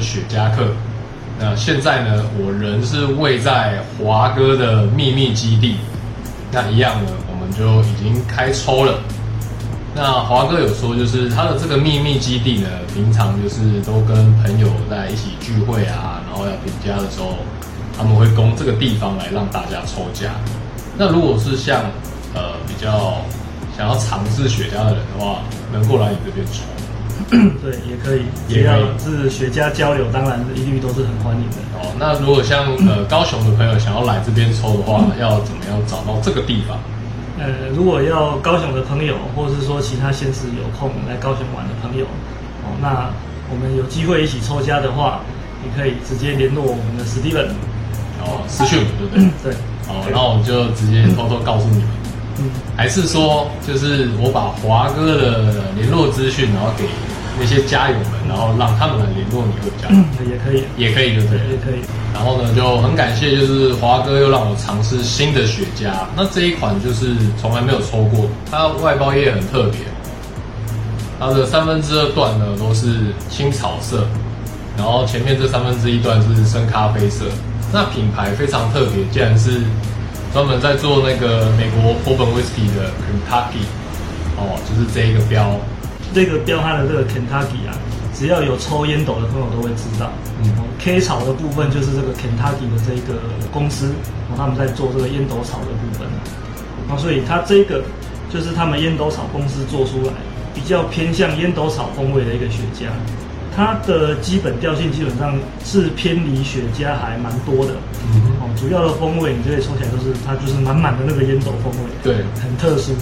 雪茄客，那現在呢？我人是位在滑哥的秘密基地，那一樣呢？我們就已經開抽了。那滑哥有說，就是他的這個秘密基地呢，平常就是都跟朋友在一起聚會啊，然後要品茄的時候，他們會供這個地方來讓大家抽茄。那如果是像呃比較想要嘗試雪茄的人的話，能過來你這邊抽？ 對，也可以，只要是雪茄交流，當然一律都是很歡迎的哦。那如果像呃高雄的朋友想要來這邊抽的話， 要怎麼樣找到這個地方？呃，如果要高雄的朋友，或是說其他閒時有空來高雄玩的朋友，哦，那我們有機會一起抽茄的話，你可以直接聯絡我們的 Steven 哦，私訊對不對？ 對，哦，以那我就直接偷偷告訴你們，嗯， 還是說就是我把滑哥的聯絡資訊，然後給。那些茄友們，然後讓他們來聯絡你會比較好，也可以，也可以，對不對？也可以。然後呢，就很感謝，就是滑哥又讓我嘗試新的雪茄。那這一款就是從來沒有抽過，它外包葉很特別，它的三分之二段呢都是青草色，然後前面這三分之一段是深咖啡色。那品牌非常特別，竟然是專門在做那個美國 Bourbon Whisky 的 Kentucky，哦，就是這一個標。這個標它的這個 Kentucky 啊，只要有抽菸斗的朋友都會知道。嗯、K 草的部分就是這個 Kentucky 的這個公司，然後他們在做這個菸斗草的部分。那所以它這個就是他們菸斗草公司做出來，比較偏向菸斗草風味的一個雪茄，它的基本調性基本上是偏離雪茄還蠻多的，嗯哼，主要的風味你就可以抽起來都是它就是滿滿的那個菸斗風味，對，很特殊，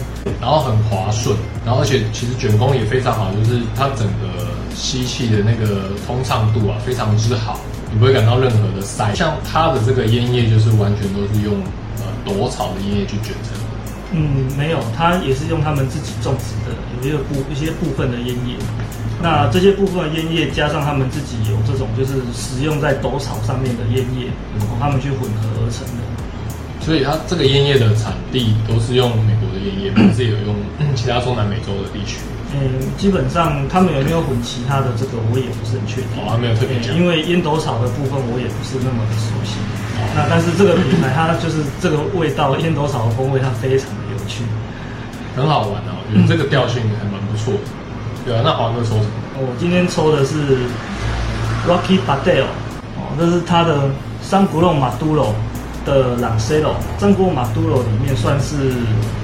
然後很滑順，然後而且其實捲工也非常好，就是它整個吸氣的那個通暢度啊非常之好，你不會感到任何的塞，像它的這個菸葉就是完全都是用呃朵草的菸葉去捲成的，嗯，沒有，它也是用他們自己種植的，有一個部一些部分的菸葉。那這些部分的煙葉加上他們自己有這種，就是使用在斗草上面的煙葉，然後他們去混合而成的。所以它這個煙葉的產地都是用美國的煙葉，還是有用其他中南美洲的地區？嗯，基本上他們有沒有混其他的這個，我也不是很確定。啊、哦，沒有特別講、嗯，因為煙斗草的部分我也不是那麼熟悉。哦、那但是這個品牌它就是這個味道，煙斗草的風味它非常的有趣，很好玩哦，有這個調性還蠻不錯的。對啊，那滑哥抽什麼？我今天抽的是 Rocky Patel，哦，這是他的桑古洛馬杜羅的朗塞羅，桑古洛馬杜羅裡面算是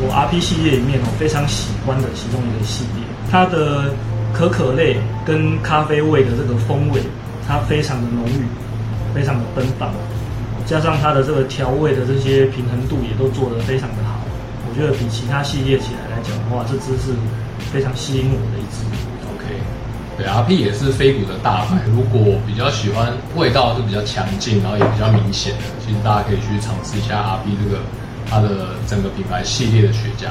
我 R P 系列裡面哦非常喜歡的其中一個系列。它的可可類跟咖啡味的這個風味，它非常的濃郁，非常的奔放，哦，加上它的這個調味的這些平衡度也都做得非常的好，我覺得比其他系列起來來講的話，這支是非常吸引我的一支。對，RP 也是非古的大牌，如果比較喜歡味道是比較強勁，然後也比較明顯的，其實大家可以去嘗試一下 RP 這個它的整個品牌系列的雪茄，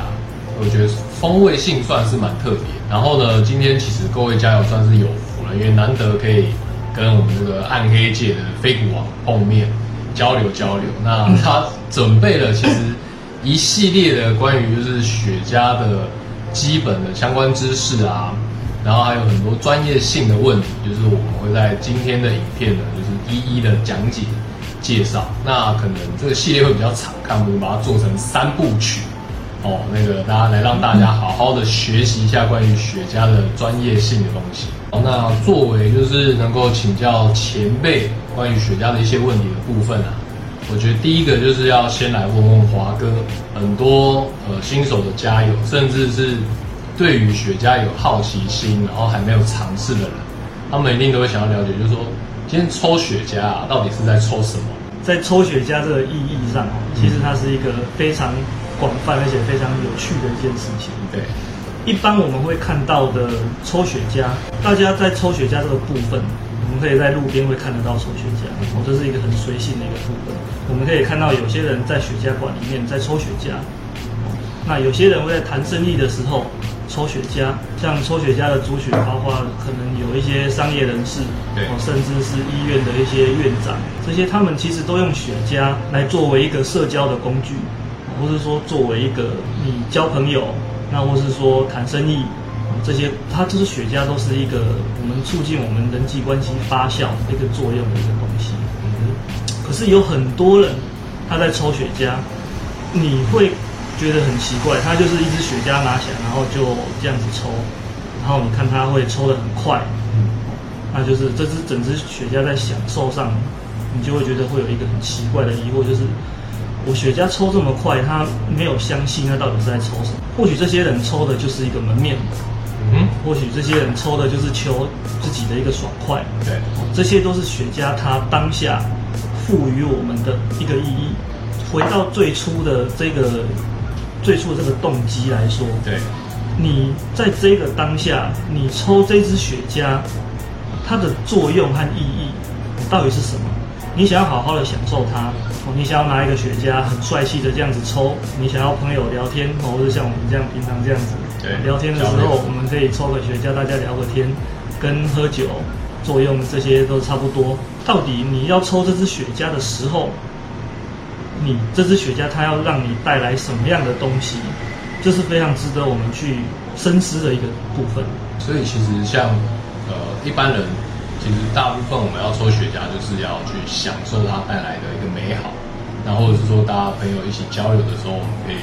我覺得風味性算是蠻特別。然後呢，今天其實各位茄友算是有福了，因為難得可以跟我們這個暗黑界的非古王碰面交流交流。那他準備了其實一系列的關於就是雪茄的基本的相關知識啊。然後還有很多專業性的問題，就是我們會在今天的影片呢，就是一一的講解介紹。那可能這個系列會比較長，看我們把它做成三部曲，哦，那個大家來讓大家好好的學習一下關於雪茄的專業性的東西。好，那作為就是能夠請教前輩關於雪茄的一些問題的部分啊，我覺得第一個就是要先來問問滑哥，很多呃新手的茄友甚至是。對於雪茄有好奇心，然後還沒有嘗試的人，他們一定都會想要了解，就是說，今天抽雪茄啊，到底是在抽什麼？在抽雪茄這個意義上，嗯、其實它是一個非常廣泛而且非常有趣的一件事情。對，一般我們會看到的抽雪茄，大家在抽雪茄這個部分，我們可以在路邊會看得到抽雪茄，哦、嗯，這是一個很隨性的一個部分。我們可以看到有些人在雪茄館裡面在抽雪茄，嗯，那有些人會在談生意的時候。抽雪茄，像抽雪茄的族群，包括可能有一些商業人士，哦，甚至是醫院的一些院長，這些他們其實都用雪茄來作為一個社交的工具，或是說作為一個你交朋友，那或是說談生意，這些它就是雪茄都是一個我們促進我們人際關係發酵的一個作用的一個東西，嗯。可是有很多人他在抽雪茄，你會。覺得很奇怪，他就是一支雪茄拿起來，然後就這樣子抽，然後你看他會抽得很快，嗯，那就是這支整支雪茄在享受上，你就會覺得會有一個很奇怪的疑惑，就是我雪茄抽這麼快，他沒有相信他到底是在抽什麼？或許這些人抽的就是一個門面，嗯，或許這些人抽的就是求自己的一個爽快，對，這些都是雪茄它當下賦予我們的一個意義。回到最初的這個。最初這個動機來說，對，你在這個當下，你抽這支雪茄，它的作用和意義到底是什麼？你想要好好的享受它，哦，你想要拿一個雪茄很帥氣的這樣子抽，你想要朋友聊天，哦，或者是像我們這樣平常這樣子，對聊天的時候我們可以抽個雪茄，大家聊個天，跟喝酒作用這些都差不多。到底你要抽這支雪茄的時候，你這支雪茄，它要讓你帶來什麼樣的東西，這是非常值得我們去深思的一個部分。所以其實像，呃，一般人，其實大部分我們要抽雪茄，就是要去享受它帶來的一個美好，然後是說大家朋友一起交流的時候，我們可以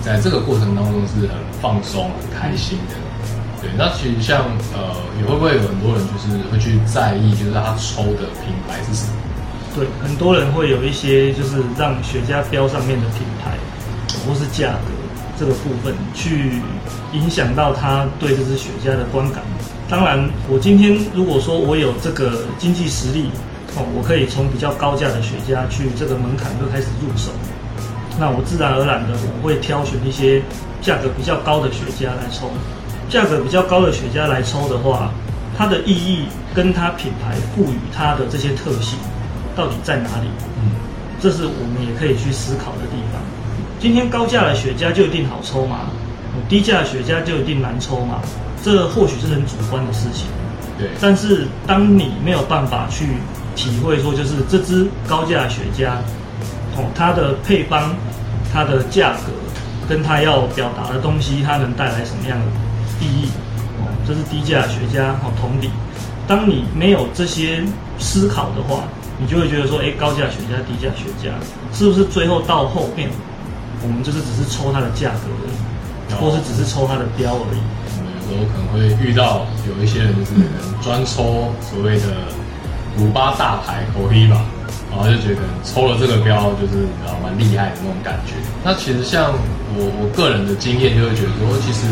在這個過程當中是很放鬆、很開心的。嗯、對，那其實像呃，也會不會有很多人就是會去在意，就是他抽的品牌是什麼？對，很多人會有一些，就是讓雪茄標上面的品牌，或是價格這個部分，去影響到他對這隻雪茄的觀感。當然，我今天如果說我有這個經濟實力，哦，我可以從比較高價的雪茄去這個門檻就開始入手，那我自然而然的我會挑選一些價格比較高的雪茄來抽。價格比較高的雪茄來抽的話，它的意義跟它品牌賦予它的這些特性，到底在哪裡？嗯，這是我們也可以去思考的地方。今天高價的雪茄就一定好抽嗎？低價的雪茄就一定難抽嗎？這或許是很主觀的事情。對。但是當你沒有辦法去體會說，就是這支高價的雪茄，哦，它的配方，它的價格，跟它要表達的東西，它能帶來什麼樣的意義？哦，這是低價的雪茄，哦，同理，當你沒有這些思考的話。你就會覺得說，誒、欸，高價雪茄、低價雪茄，是不是最後到後面，我們就是只是抽它的價格而已，有或是只是抽它的標而已？我們、嗯、有時候可能會遇到有一些人就是可能專抽所謂的五八大牌口黑吧，然後就覺得抽了這個標就是蠻厲害的那種感覺。那其實像我我個人的經驗就會覺得說，其實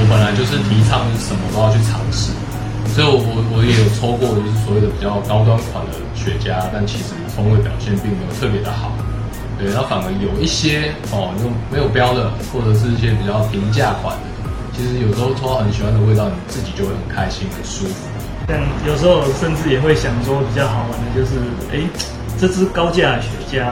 我本來就是提倡什麼都要去嘗試。所以我，我我我也有抽過，就是所謂的比較高端款的雪茄，但其實風味表現並沒有特別的好。對，它反而有一些哦，就沒有標的，或者是一些比較平價款的，其實有時候抽到很喜歡的味道，你自己就會很開心、很舒服。但有時候甚至也會想說，比較好玩的就是，哎、欸，這支高價雪茄，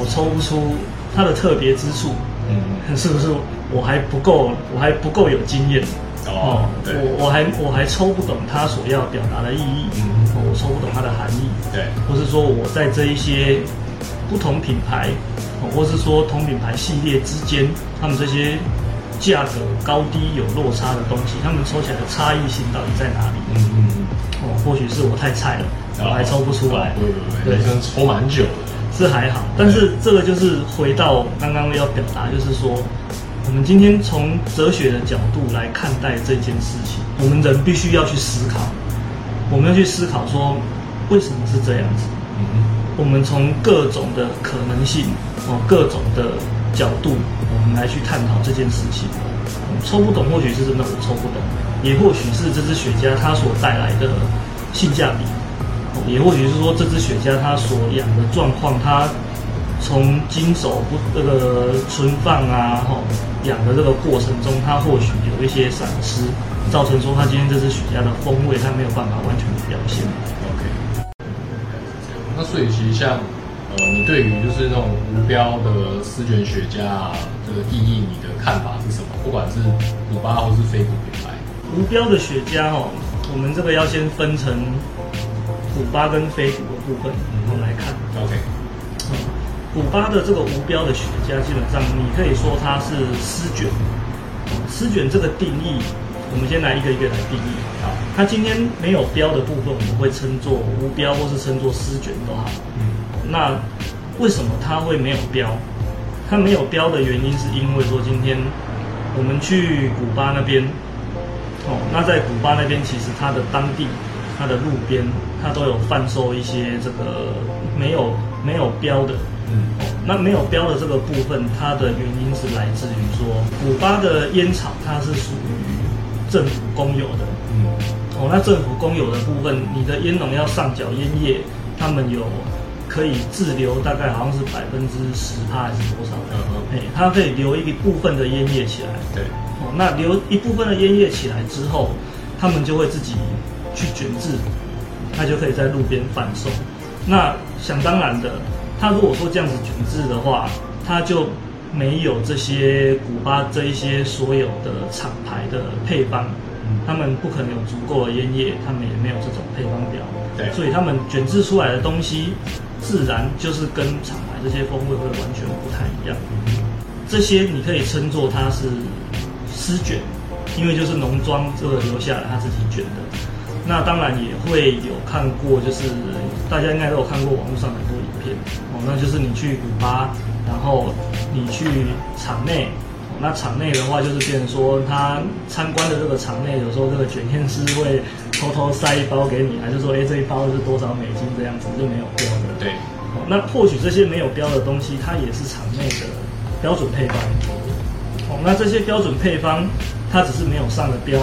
我抽不出它的特別之處，嗯，是不是我不？我還不夠，我還不夠有經驗。哦，我我還我還抽不懂它所要表達的意義，嗯、哦，我抽不懂它的含義，對，或是說我在這一些不同品牌，哦、或是說同品牌系列之間，他們這些價格高低有落差的東西，他們抽起來的差異性到底在哪裡？嗯嗯哦，或許是我太菜了，哦、我還抽不出來，對對、哦、對，對對抽蠻久是還好，但是這個就是回到剛剛要表達，就是說。我們今天從哲學的角度來看待這件事情，我們人必須要去思考，我們要去思考說，為什麼是這樣子？我們從各種的可能性哦，各種的角度，我們來去探討這件事情。抽不懂，或許是真的我抽不懂，也或許是這支雪茄它所帶來的性價比，也或許是說這支雪茄它所養的狀況，它。從經手不這個存放啊，吼養的這個過程中，它或許有一些閃失，造成說它今天這支雪茄的風味，它沒有辦法完全的表現。OK。那所以其實像，呃，你對於就是那種無標的絲卷雪茄這個意義，你的看法是什麼？不管是古巴或是非古品牌，無標的雪茄哦，我們這個要先分成古巴跟非古的部分，然後來看。OK。古巴的這個無標的雪茄，基本上你可以說它是絲卷。絲卷、嗯、絲卷這個定義，我們先來一個一個來定義。啊好，它今天沒有標的部分，我們會稱作無標，或是稱作絲卷都好。嗯。那為什麼它會沒有標？它沒有標的原因，是因為說今天我們去古巴那邊，哦，那在古巴那邊，其實它的當地、它的路邊，它都有販售一些這個沒有沒有標的。嗯、哦，那沒有標的這個部分，它的原因是來自於說，古巴的菸草它是屬於政府公有的。嗯，哦，那政府公有的部分，你的菸農要上繳菸葉，他們有可以自留，大概好像是百分之十八還是多少的額配、嗯，它可以留一部分的菸葉起來。對，哦，那留一部分的菸葉起來之後，他們就會自己去捲制，那就可以在路邊販售。那想當然的。他如果說這樣子捲製的話，他就沒有這些古巴這一些所有的廠牌的配方，他們不可能有足夠的煙葉，他們也沒有這種配方表，對，所以他們捲製出來的東西，自然就是跟廠牌這些風味會完全不太一樣。這些你可以稱作它是私捲，因為就是農莊這個留下來他自己捲的。那當然也會有看過，就是大家應該都有看過網絡上很多影片。哦、那就是你去古巴然後你去廠內、哦、那廠內的話就是變成說他參觀的這個廠內有時候這個卷烟師會偷偷塞一包給你還是說誒這一包是多少美金這樣子就沒有標的對、哦、那或許這些沒有標的東西它也是廠內的標準配方哦那這些標準配方它只是沒有上的標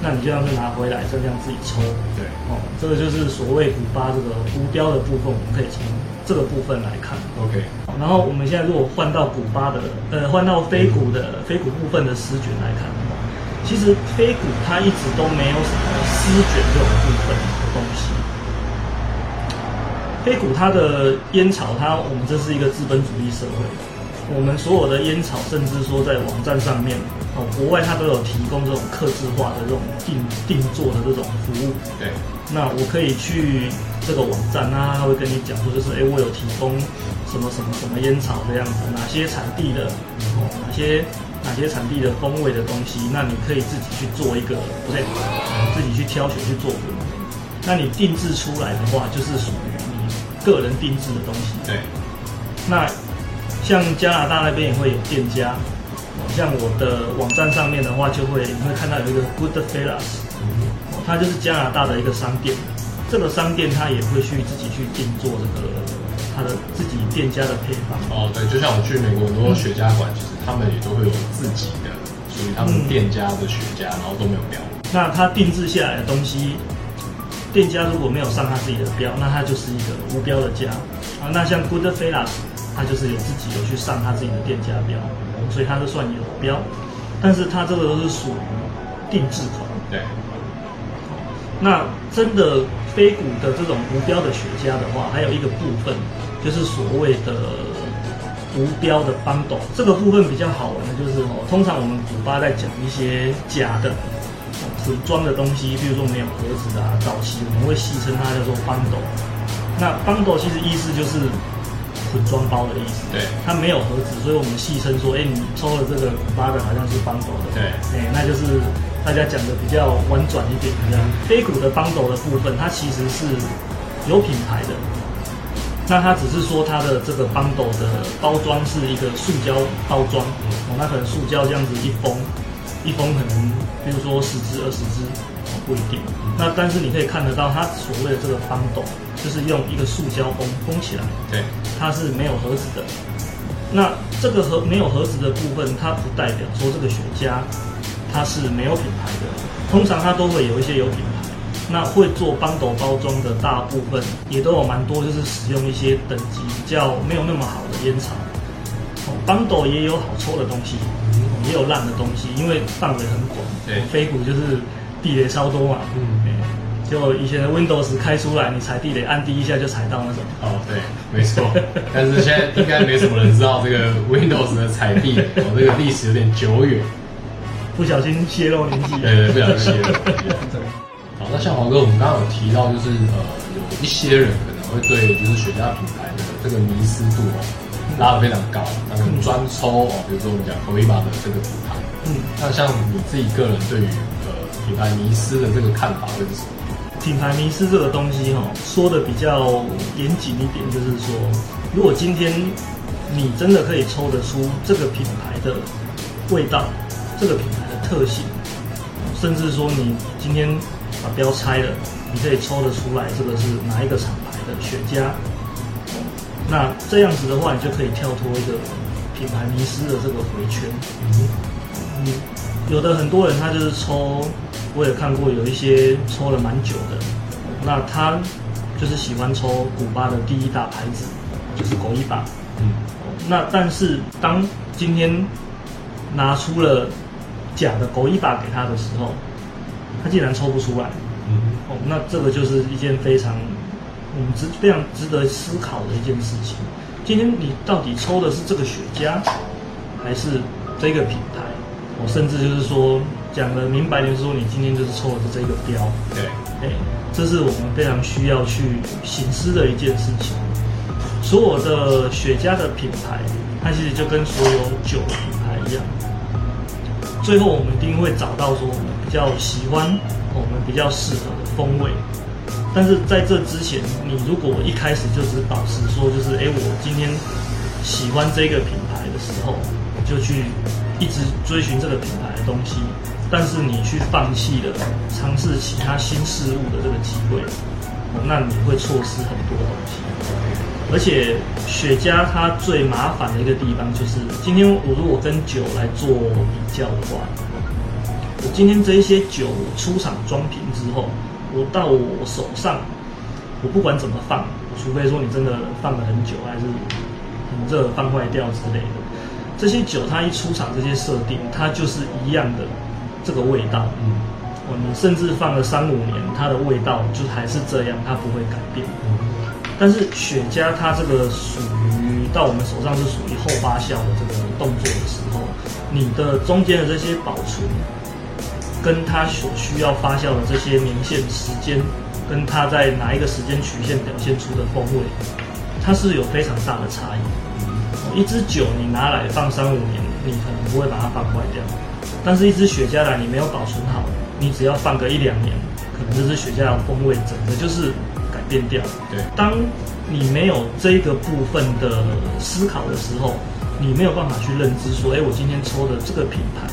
那你就讓他拿回來就這樣自己抽對哦這個就是所謂古巴這個無標的部分我們可以抽。這個部分來看，OK。然後我們現在如果換到古巴的，呃，換到非古的非古，嗯、哼部分的絲捲來看，其實非古它一直都沒有什麼絲捲這種部分的東西。非古它的菸草它，它我們這是一個資本主義社會，我們所有的菸草，甚至說在網站上面，哦，國外它都有提供這種客製化的這種定訂做的這種服務。對。Okay. 那我可以去這個網站啊，他會跟你講說，就是哎、欸，我有提供什麼什麼什麼煙草的樣子，哪些產地的，哦、嗯，哪些哪些產地的風味的東西，那你可以自己去做一個，不對，自己去挑選去做這個。那你定製出來的話，就是屬於你個人定製的東西。對。那像加拿大那邊也會有店家，嗯，像我的網站上面的話，就會你會看到有一個 Goodfellas。它就是加拿大的一個商店，這個商店它也會去自己去定做這個它的自己店家的配方哦，對，就像我去美國很多雪茄館，嗯，其實他們也都會有自己的屬於他們店家的雪茄，然後都沒有標。那他定制下來的東西，店家如果沒有上他自己的標，那他就是一個無標的家啊。那像 Good Fellas，他就是有自己有去上他自己的店家標，所以他就算有標，但是他這個都是屬於定制款，對。那真的非古的這種無標的雪茄的話，還有一個部分，就是所謂的無標的邦斗。這個部分比較好玩的就是哦，通常我們古巴在講一些假的混裝的東西，比如說沒有盒子啊。早期我們會戲稱它叫做邦斗。那邦斗其實意思就是混裝包的意思。對，它沒有盒子，所以我們戲稱說，哎、欸，你抽了這個古巴的好像是邦斗的。對，哎、欸，那就是。大家講的比較婉轉一點，這樣，A 股的邦斗的部分，它其實是有品牌的，那它只是說它的這個邦斗的包裝是一個塑膠包裝，哦，那可能塑膠這樣子一封，一封可能比如說十支二十支，哦，不一定，那但是你可以看得到，它所謂的這個邦斗，就是用一個塑膠封封起來，對，它是沒有盒子的，那這個盒沒有盒子的部分，它不代表說這個雪茄。它是沒有品牌的，通常它都會有一些有品牌。那會做邦斗包裝的大部分也都有蠻多，就是使用一些等級較沒有那麼好的菸草。Oh, 邦斗也有好抽的東西，也有爛的東西，因為範圍很廣。對，非古就是地雷超多嘛。對嗯，就以前的 Windows 開出來，你踩地雷按第一下就踩到那種。哦，oh, 對，沒錯。 但是現在應該沒什麼人知道這個 Windows 的踩地， 哦，這個歷史有點久遠。不小心洩露年紀，對對，不小心洩露對、對。 啊、好，那像滑哥，我們剛剛有提到，就是呃，有一些人可能會對就是雪茄品牌的這個迷思度哦、啊、拉得，非常高，他們專抽哦，比如說我們講高希霸的這個品牌。嗯，那像你自己個人對於呃品牌迷思的這個看法會是什麼？品牌迷思這個東西哈、哦，說的比較嚴謹一點，就是說，如果今天你真的可以抽得出這個品牌的味道，這個品。特性，甚至說你今天把標拆了，你可以抽得出來這個是哪一個廠牌的雪茄。那這樣子的話，你就可以跳脫一個品牌迷失的這個迴圈。嗯，有的很多人他就是抽，我也看過有一些抽了蠻久的，那他就是喜歡抽古巴的第一大牌子，就是高希霸。嗯，那但是當今天拿出了。假的狗一把給他的時候，他竟然抽不出來。嗯哼，哦，那這個就是一件非常我們值非常值得思考的一件事情。今天你到底抽的是這個雪茄，還是這個品牌？我、哦、甚至就是說講得明白，就是說你今天就是抽的是這個標。對 Okay.，這是我們非常需要去省思的一件事情。所有的雪茄的品牌，它其實就跟所有酒的品牌一樣。最後我們一定會找到說我們比較喜歡、我們比較適合的風味。但是在這之前，你如果一開始就只是保持說就是哎、欸，我今天喜歡這個品牌的時候，就去一直追尋這個品牌的東西，但是你去放棄了嘗試其他新事物的這個機會，那你會錯失很多東西。而且雪茄它最麻煩的一個地方就是，今天我如果跟酒來做比較的話，我今天這一些酒我出廠裝瓶之後，我到我手上，我不管怎麼放，除非說你真的放了很久還是很熱放壞掉之類的，這些酒它一出廠這些設定它就是一樣的這個味道，嗯，我們甚至放了三五年，它的味道就還是這樣，它不會改變。但是雪茄它這個屬於到我們手上是屬於後發酵的這個動作的時候，你的中間的這些保存，跟它所需要發酵的這些年限時間，跟它在哪一個時間曲線表現出的風味，它是有非常大的差異。一支酒你拿來放三五年，你可能不會把它放壞掉，但是一支雪茄來你沒有保存好，你只要放個一兩年，可能這支雪茄的風味整個就是。變掉。對，當你沒有這個部分的思考的時候，你沒有辦法去認知說，哎、欸，我今天抽的這個品牌，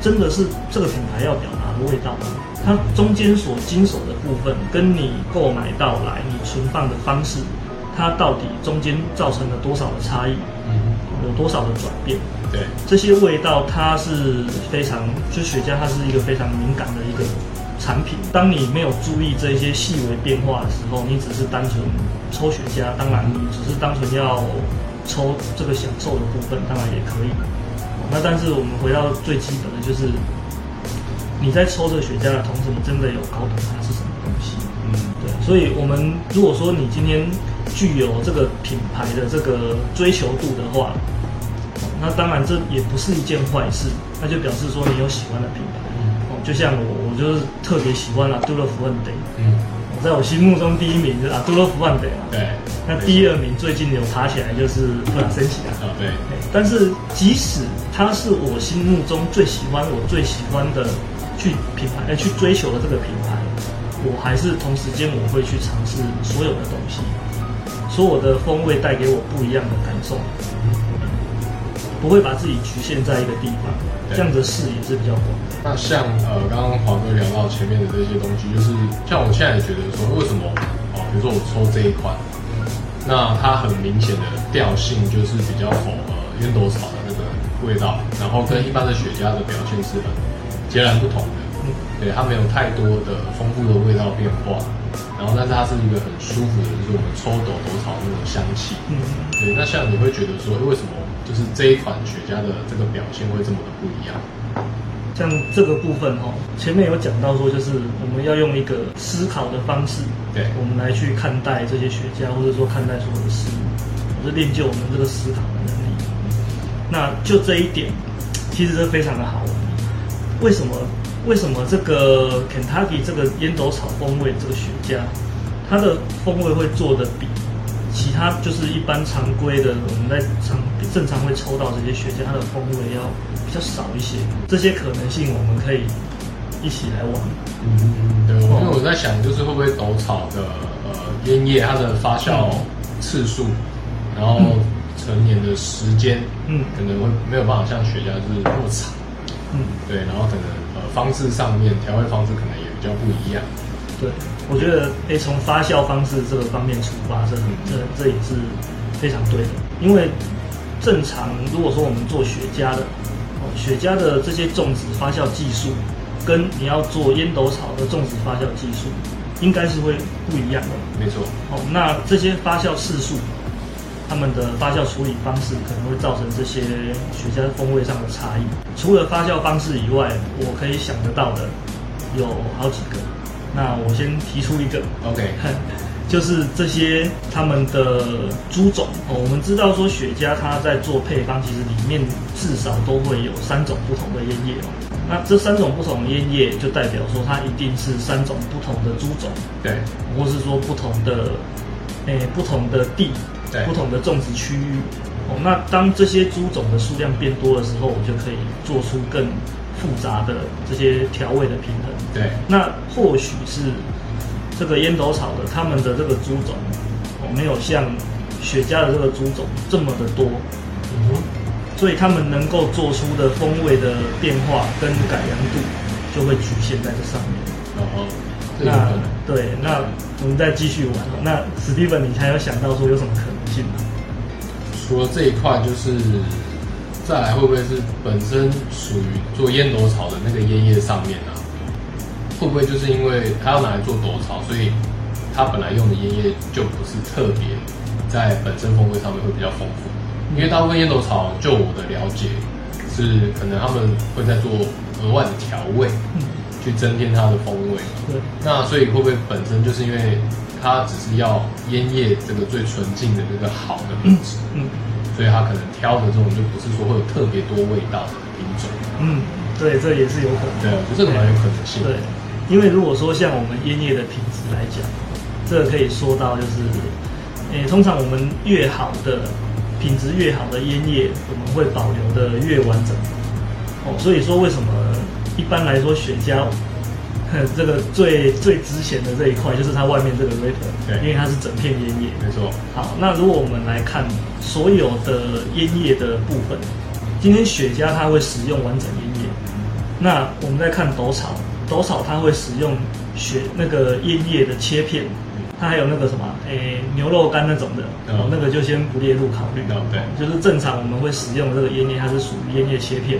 真的是這個品牌要表達的味道嗎？它中間所經手的部分，跟你購買到來、你存放的方式，它到底中間造成了多少的差異？有多少的轉變？對，這些味道，它是非常，就雪茄，它是一個非常敏感的一個。產品，當你沒有注意這些細微變化的時候，你只是單純抽雪茄。當然，你只是單純要抽這個享受的部分，當然也可以。那但是我們回到最基本的就是，你在抽這個雪茄的同時，你真的有搞懂它是什麼東西？嗯，對。所以，我們如果說你今天具有這個品牌的這個追求度的話，那當然這也不是一件壞事。那就表示說你有喜歡的品牌。就像我，我就是特別喜歡啊，杜勒福問德。嗯，我在我心目中第一名就是啊，杜勒福問德。對，那第二名沒錯，最近有爬起來就是布朗森奇啊。啊，對。但是即使他是我心目中最喜歡、我最喜歡的去品牌，哎、欸，去追求的這個品牌，我還是同時間我會去嘗試所有的東西，所有的風味帶給我不一樣的感受。不會把自己局限在一個地方，對這樣的視野是比較廣。那像呃，剛剛華哥聊到前面的這些東西，就是像我現在也覺得說，為什麼、哦、比如說我抽這一款，那它很明顯的調性就是比較符合煙斗草的那個味道，然後跟一般的雪茄的表現是很截然不同的。嗯，對，它沒有太多的豐富的味道變化，然後但是它是一個很舒服的，就是我們抽斗斗草的那種香氣。嗯，對，那像你會覺得說，為什麼？就是這一款雪茄的這個表現，會這麼的不一樣，像這個部分哈、哦，前面有講到說，就是我們要用一個思考的方式，對，我們來去看待這些雪茄，對或者說看待所有的事物，我是練就我們這個思考的能力。嗯、那就這一點，其實是非常的好玩。為什麼？為什麼這個 Kentucky 這個菸斗草風味這個雪茄，它的風味會做得比其他就是一般常規的我們在常。正常會抽到這些雪茄，它的風味要比較少一些。這些可能性我們可以一起來玩。嗯，對。因為我在想，就是會不會斗草的呃菸葉，液它的發酵次數，像然後陳年的時間，嗯，可能會沒有辦法像雪茄就是那麼長。嗯，對。然後可能呃方式上面，調味方式可能也比較不一樣。對，我覺得哎，從、欸、發酵方式這個方面出發這，嗯、這這也是非常對的，因為。正常，如果說我們做雪茄的，哦，雪茄的這些種植發酵技術，跟你要做煙斗草的種植發酵技術，應該是會不一樣的。沒錯，哦，那這些發酵次數，他們的發酵處理方式可能會造成這些雪茄風味上的差異。除了發酵方式以外，我可以想得到的有好幾個，那我先提出一個，OK。 就是這些他們的株種哦。我們知道說雪茄它在做配方，其實裡面至少都會有三種不同的煙葉哦。那這三種不同的煙葉就代表說它一定是三種不同的株種，對，或是說不同的誒、欸、不同的地，對，不同的種植區域。哦，那當這些株種的數量變多的時候，我就可以做出更複雜的這些調味的平衡。對，那或許是。這個菸斗草的，他們的這個株種，哦，沒有像雪茄的這個株種這麼的多，嗯哼，所以他們能夠做出的風味的變化跟改良度，就會局限在這上面。哦，哦，這個、那對，那我們再繼續玩。哦、那 Steven，你才有想到說有什麼可能性呢？除了這一塊，就是再來會不會是本身屬於做菸斗草的那個菸葉上面呢、啊？會不會就是因為他要拿來做斗草，所以他本來用的煙葉就不是特別在本身風味上面會比較豐富。嗯、因為大部分煙斗草，就我的了解，是可能他們會在做額外的調味，嗯、去增添它的風味。對那所以會不會本身就是因為他只是要煙葉這個最純淨的那個好的品質，嗯嗯、所以他可能挑的這種就不是說會有特別多味道的品種。嗯，對，這也是有可能。對，這個蠻有可能性。對。對因為如果說像我們菸葉的品質來講，這個、可以說到就是，誒、欸，通常我們越好的品質越好的菸葉，我們會保留的越完整。哦，所以說為什麼一般來說雪茄，這個最最值錢的這一塊就是它外面這個 wrapper，對，因為它是整片菸葉。沒錯。好，那如果我們來看所有的菸葉的部分，今天雪茄它會使用完整菸葉，那我們再看斗草。多少它會使用那個煙葉的切片，它、嗯、還有那個什麼誒、欸、牛肉乾那種的，哦、嗯喔、那個就先不列入考慮，對，嗯嗯、就是正常我們會使用這個煙葉，它是屬於煙葉切片。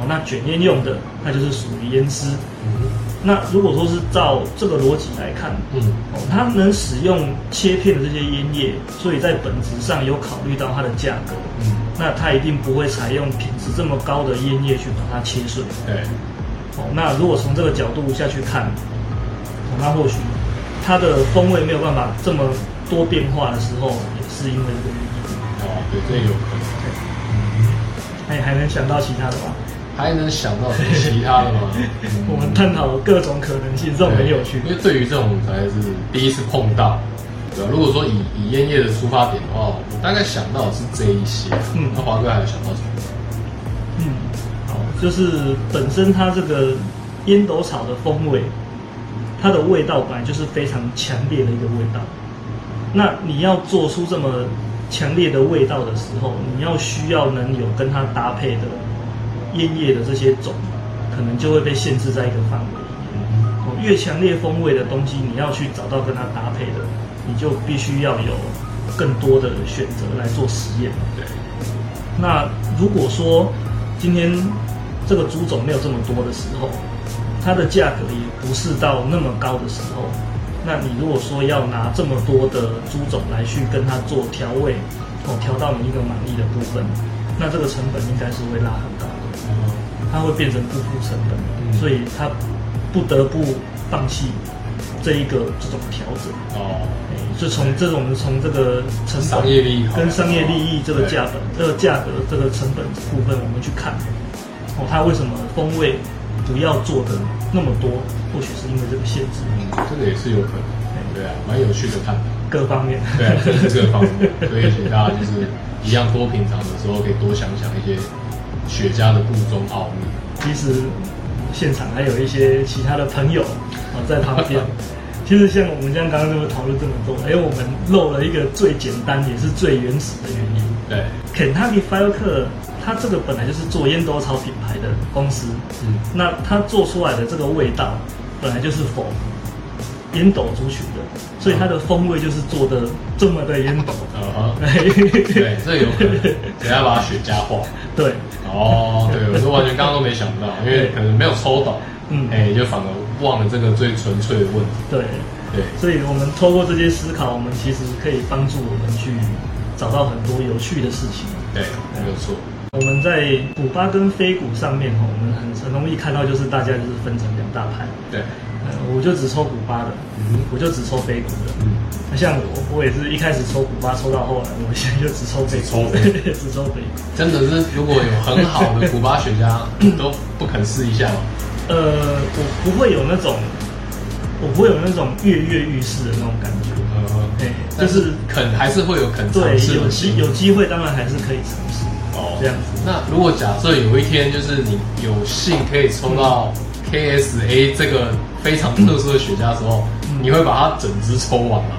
哦、喔，那卷煙用的，它就是屬於煙絲。嗯、那如果說是照這個邏輯來看，嗯，哦它、喔、能使用切片的這些煙葉，所以在本質上有考慮到它的價格，嗯，嗯那它一定不會採用品質這麼高的煙葉去把它切碎。嗯、對。那如果從這個角度下去看，那或許它的風味沒有辦法這麼多變化的時候，也是因為這個因。哦，對，這有可能。哎、嗯，欸、還，能還能想到其他的嗎？還能想到什麼其他的嗎？嗯、我們探討各種可能性，這種很有趣。因為對於這種才是第一次碰到，對吧、啊？如果說以以煙葉的出發點的話，我大概想到的是這一些。嗯。那華哥還有想到什麼？嗯就是本身它這個菸斗草的風味，它的味道本來就是非常強烈的一個味道。那你要做出這麼強烈的味道的時候，你要需要能有跟它搭配的菸葉的這些種，可能就會被限制在一個範圍裡面。越強烈風味的東西，你要去找到跟它搭配的，你就必須要有更多的選擇來做實驗。那如果說今天。這個豬種沒有這麼多的時候，它的價格也不是到那麼高的時候，那你如果說要拿這麼多的豬種來去跟它做調味，哦，調到你一個滿意的部分，那這個成本應該是會拉很高的，它會變成不敷成本，嗯、所以它不得不放棄這一個這種調整，哦、欸，就從這種從這個成本跟商業利益這個價本、嗯、這個價格，對這個價格這個成本的部分我們去看。哦、它為什麼風味不要做的那麼多？或許是因為這個限制。嗯、這個也是有可能。對啊，蠻有趣的看法。各方面。對啊，就是各方面。 所以請大家就是一樣多品嘗的時候，可以多想想一些雪茄的箇中奧秘。其實現場還有一些其他的朋友啊在旁邊。 其實像我們這樣剛剛這麼討論這麼多，哎，我們漏了一個最簡單也是最原始的原因。嗯、對 Kentucky Fire Cured。它這個本來就是做菸斗草品牌的公司，嗯，那它做出來的這個味道，本來就是仿菸斗族群的，所以它的風味就是做的這麼的菸斗。哦、嗯，欸、對，這有可能，等下把它雪茄化。對，哦，對，我都完全剛剛都沒想到，因為可能沒有抽到，嗯，哎、欸，就反而忘了這個最純粹的問題。對，對，所以我們透過這些思考，我們其實可以幫助我們去找到很多有趣的事情。對，沒有錯。我們在古巴跟非古上面，哈，我們很很容易看到，就是大家就是分成兩大派。對、嗯呃，我就只抽古巴的，嗯、我就只抽非古的。嗯，像我我也是一開始抽古巴，抽到後來，我現在就只抽非古抽，只抽非古真的是，如果有很好的古巴雪茄 都不肯試一下嗎？呃，我不會有那種，我不會有那種躍躍欲試的那種感覺。嗯，對、嗯，就是但肯還是會有肯對，有機有機會當然還是可以嘗試。哦，這樣子。那如果假設有一天，就是你有幸可以抽到 K S A 這個非常特殊的雪茄的時候，你會把它整支抽完嗎？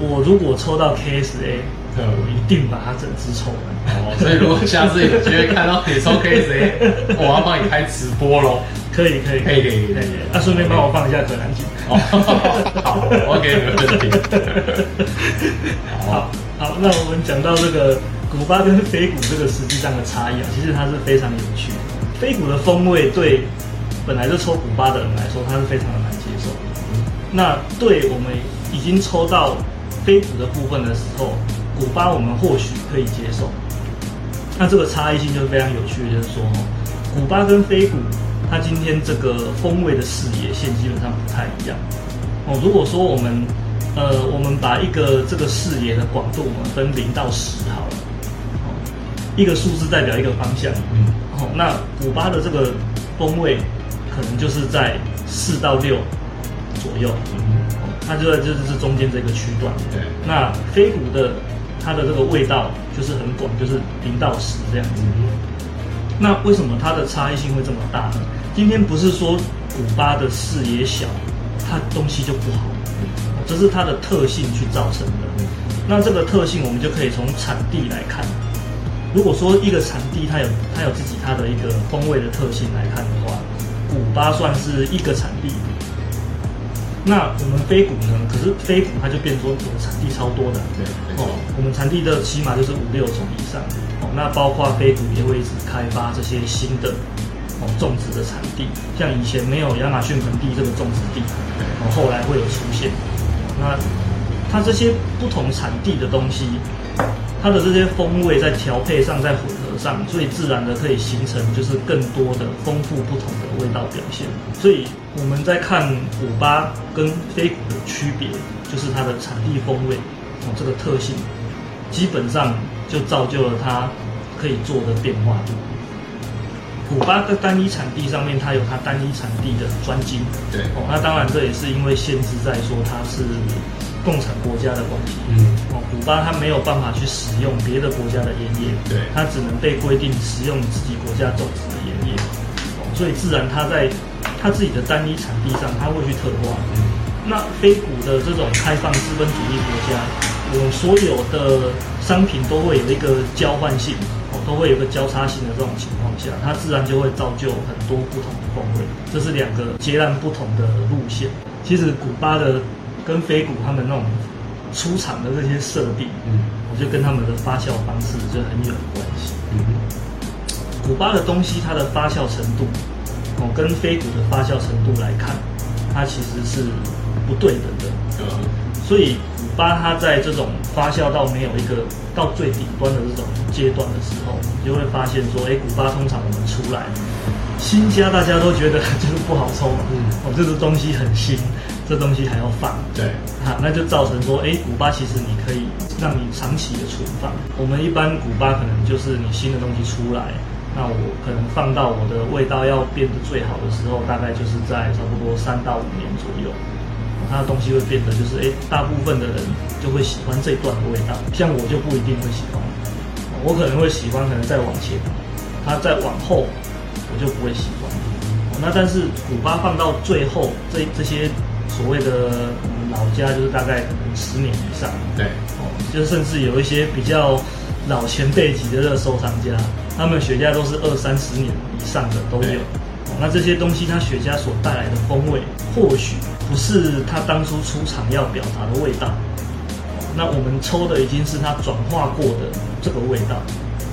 我如果抽到 K S A，對，我一定把它整支抽完。哦，所以如果下次有機會看到你抽 K S A，我還要幫你開直播咯。可以可以可以可以，那順便幫我放一下可蘭經。好，好，我給你們正定。好好，那我們講到這個。古巴跟非古這個實際上的差異啊，其實它是非常有趣的。非古的風味對本來就抽古巴的人來說，它是非常的難接受的。那對我們已經抽到非古的部分的時候，古巴我們或許可以接受。那這個差異性就是非常有趣，就是說哈，古巴跟非古，它今天這個風味的視野線基本上不太一樣。哦，如果說我們呃，我們把一個這個視野的廣度我們分零到十好了。一個數字代表一個方向，嗯，好，那古巴的這個風味可能就是在四到六左右，嗯，它就在就是這中間這個區段，對、嗯，那非古的它的這個味道就是很廣，就是零到十這樣子，嗯、那為什麼它的差異性會這麼大呢？今天不是說古巴的視野小，它東西就不好，嗯、這是它的特性去造成的，嗯、那這個特性我們就可以從產地來看。嗯嗯如果說一個產地它有它有自己它的一個風味的特性來看的話，古巴算是一個產地。那我們非古呢？可是非古它就變成我們產地超多的。哦，我們產地的起碼就是五六種以上。哦，那包括非古也會一直開發這些新的、哦、種植的產地，像以前沒有亞馬遜盆地這個種植地，後,後來會有出現、哦。那它這些不同產地的東西。它的這些風味在調配上，在混合上，所以自然的可以形成就是更多的豐富不同的味道表現。所以我們在看古巴跟非古的區別，就是它的產地風味，哦，這個特性基本上就造就了它可以做的變化度。古巴的單一產地上面，它有它單一產地的專精。對，哦，那當然這也是因為限制在說它是。共產國家的關係，嗯，哦，古巴它沒有辦法去使用別的國家的菸葉，對，它只能被規定使用自己國家種子的菸葉，哦，所以自然它在它自己的單一產地上，它會去特化。嗯，那非古的這種開放資本主義國家，我們所有的商品都會有一個交換性，哦，都會有個交叉性的這種情況下，它自然就會造就很多不同的風味。這是兩個截然不同的路線。其實古巴的。跟非古他們那種出廠的這些設定，嗯，我覺得跟他們的發酵方式就很有關係。嗯，古巴的東西它的發酵程度哦，跟非古的發酵程度來看，它其實是不對等的。所以古巴它在這種發酵到沒有一個到最頂端的這種階段的時候，你就會發現說，哎、欸，古巴通常我們出來新茄大家都覺得就是不好抽，嗯，我、哦、這個東西很新。這東西還要放，對，哈，那就造成說，哎，古巴其實你可以讓你長期的存放。我們一般古巴可能就是你新的東西出來，那我可能放到我的味道要變得最好的時候，大概就是在差不多三到五年左右，它的東西會變得就是，哎，大部分的人就會喜歡這段的味道，像我就不一定會喜歡，我可能會喜歡可能再往前，它再往後我就不會喜歡。那但是古巴放到最後這這些。所謂的、嗯、老家，就是大概可能十年以上，對，哦，就甚至有一些比較老前輩級的收藏家，他們雪茄都是二三十年以上的都有。對哦、那這些東西，它雪茄所帶來的風味，或許不是他當初出廠要表達的味道。哦、那我們抽的已經是他轉化過的這個味道，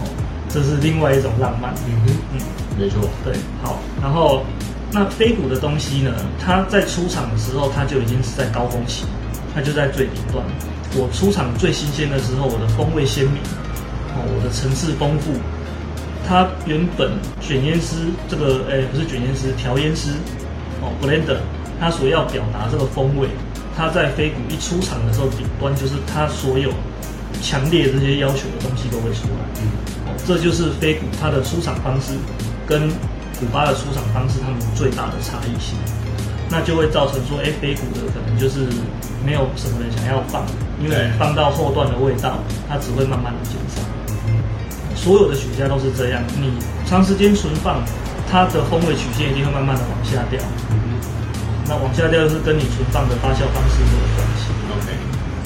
哦，這是另外一種浪漫。嗯哼，嗯，沒錯錯，對，好，然後。那飛谷的東西呢？它在出廠的時候，它就已經是在高峰期，它就在最頂端。我出廠最新鮮的時候，我的風味鮮明，哦，我的層次豐富。它原本卷煙師這個，欸，不是卷煙師，調煙師，哦，Blender，它所要表達這個風味，它在飛谷一出廠的時候，頂端就是它所有強烈這些要求的東西都會出來。嗯，哦，這就是飛谷它的出廠方式跟。古巴的出廠方式，他們最大的差異性，那就會造成說，哎，非古的可能就是沒有什麼人想要放，因為放到後段的味道，它只會慢慢的減少。所有的雪茄都是這樣，你長時間存放，它的風味曲線一定會慢慢的往下掉。嗯、那往下掉是跟你存放的發酵方式都有關係。OK，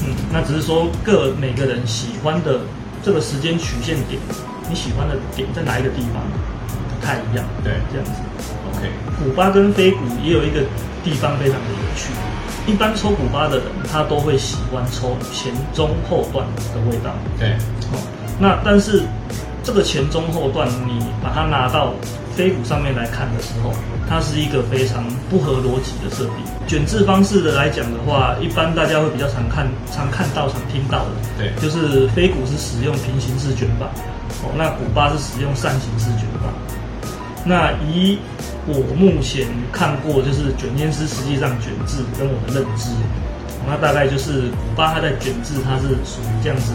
嗯，那只是說各每個人喜歡的這個時間曲線點，你喜歡的點在哪一個地方？太一樣，對，這樣子，OK。古巴跟非古也有一個地方非常的有趣，一般抽古巴的人，他都會喜歡抽前中後段的味道，對、哦。那但是這個前中後段，你把它拿到非古上面來看的時候，它是一個非常不合邏輯的設定。捲製方式的來講的話，一般大家會比較常看、常看到、常聽到的，對，就是非古是使用平行式捲板。哦，那古巴是使用扇形式捲板。那以我目前看過，就是捲煙絲，實際上捲製跟我的認知，那大概就是古巴，它在捲製它是屬於這樣子，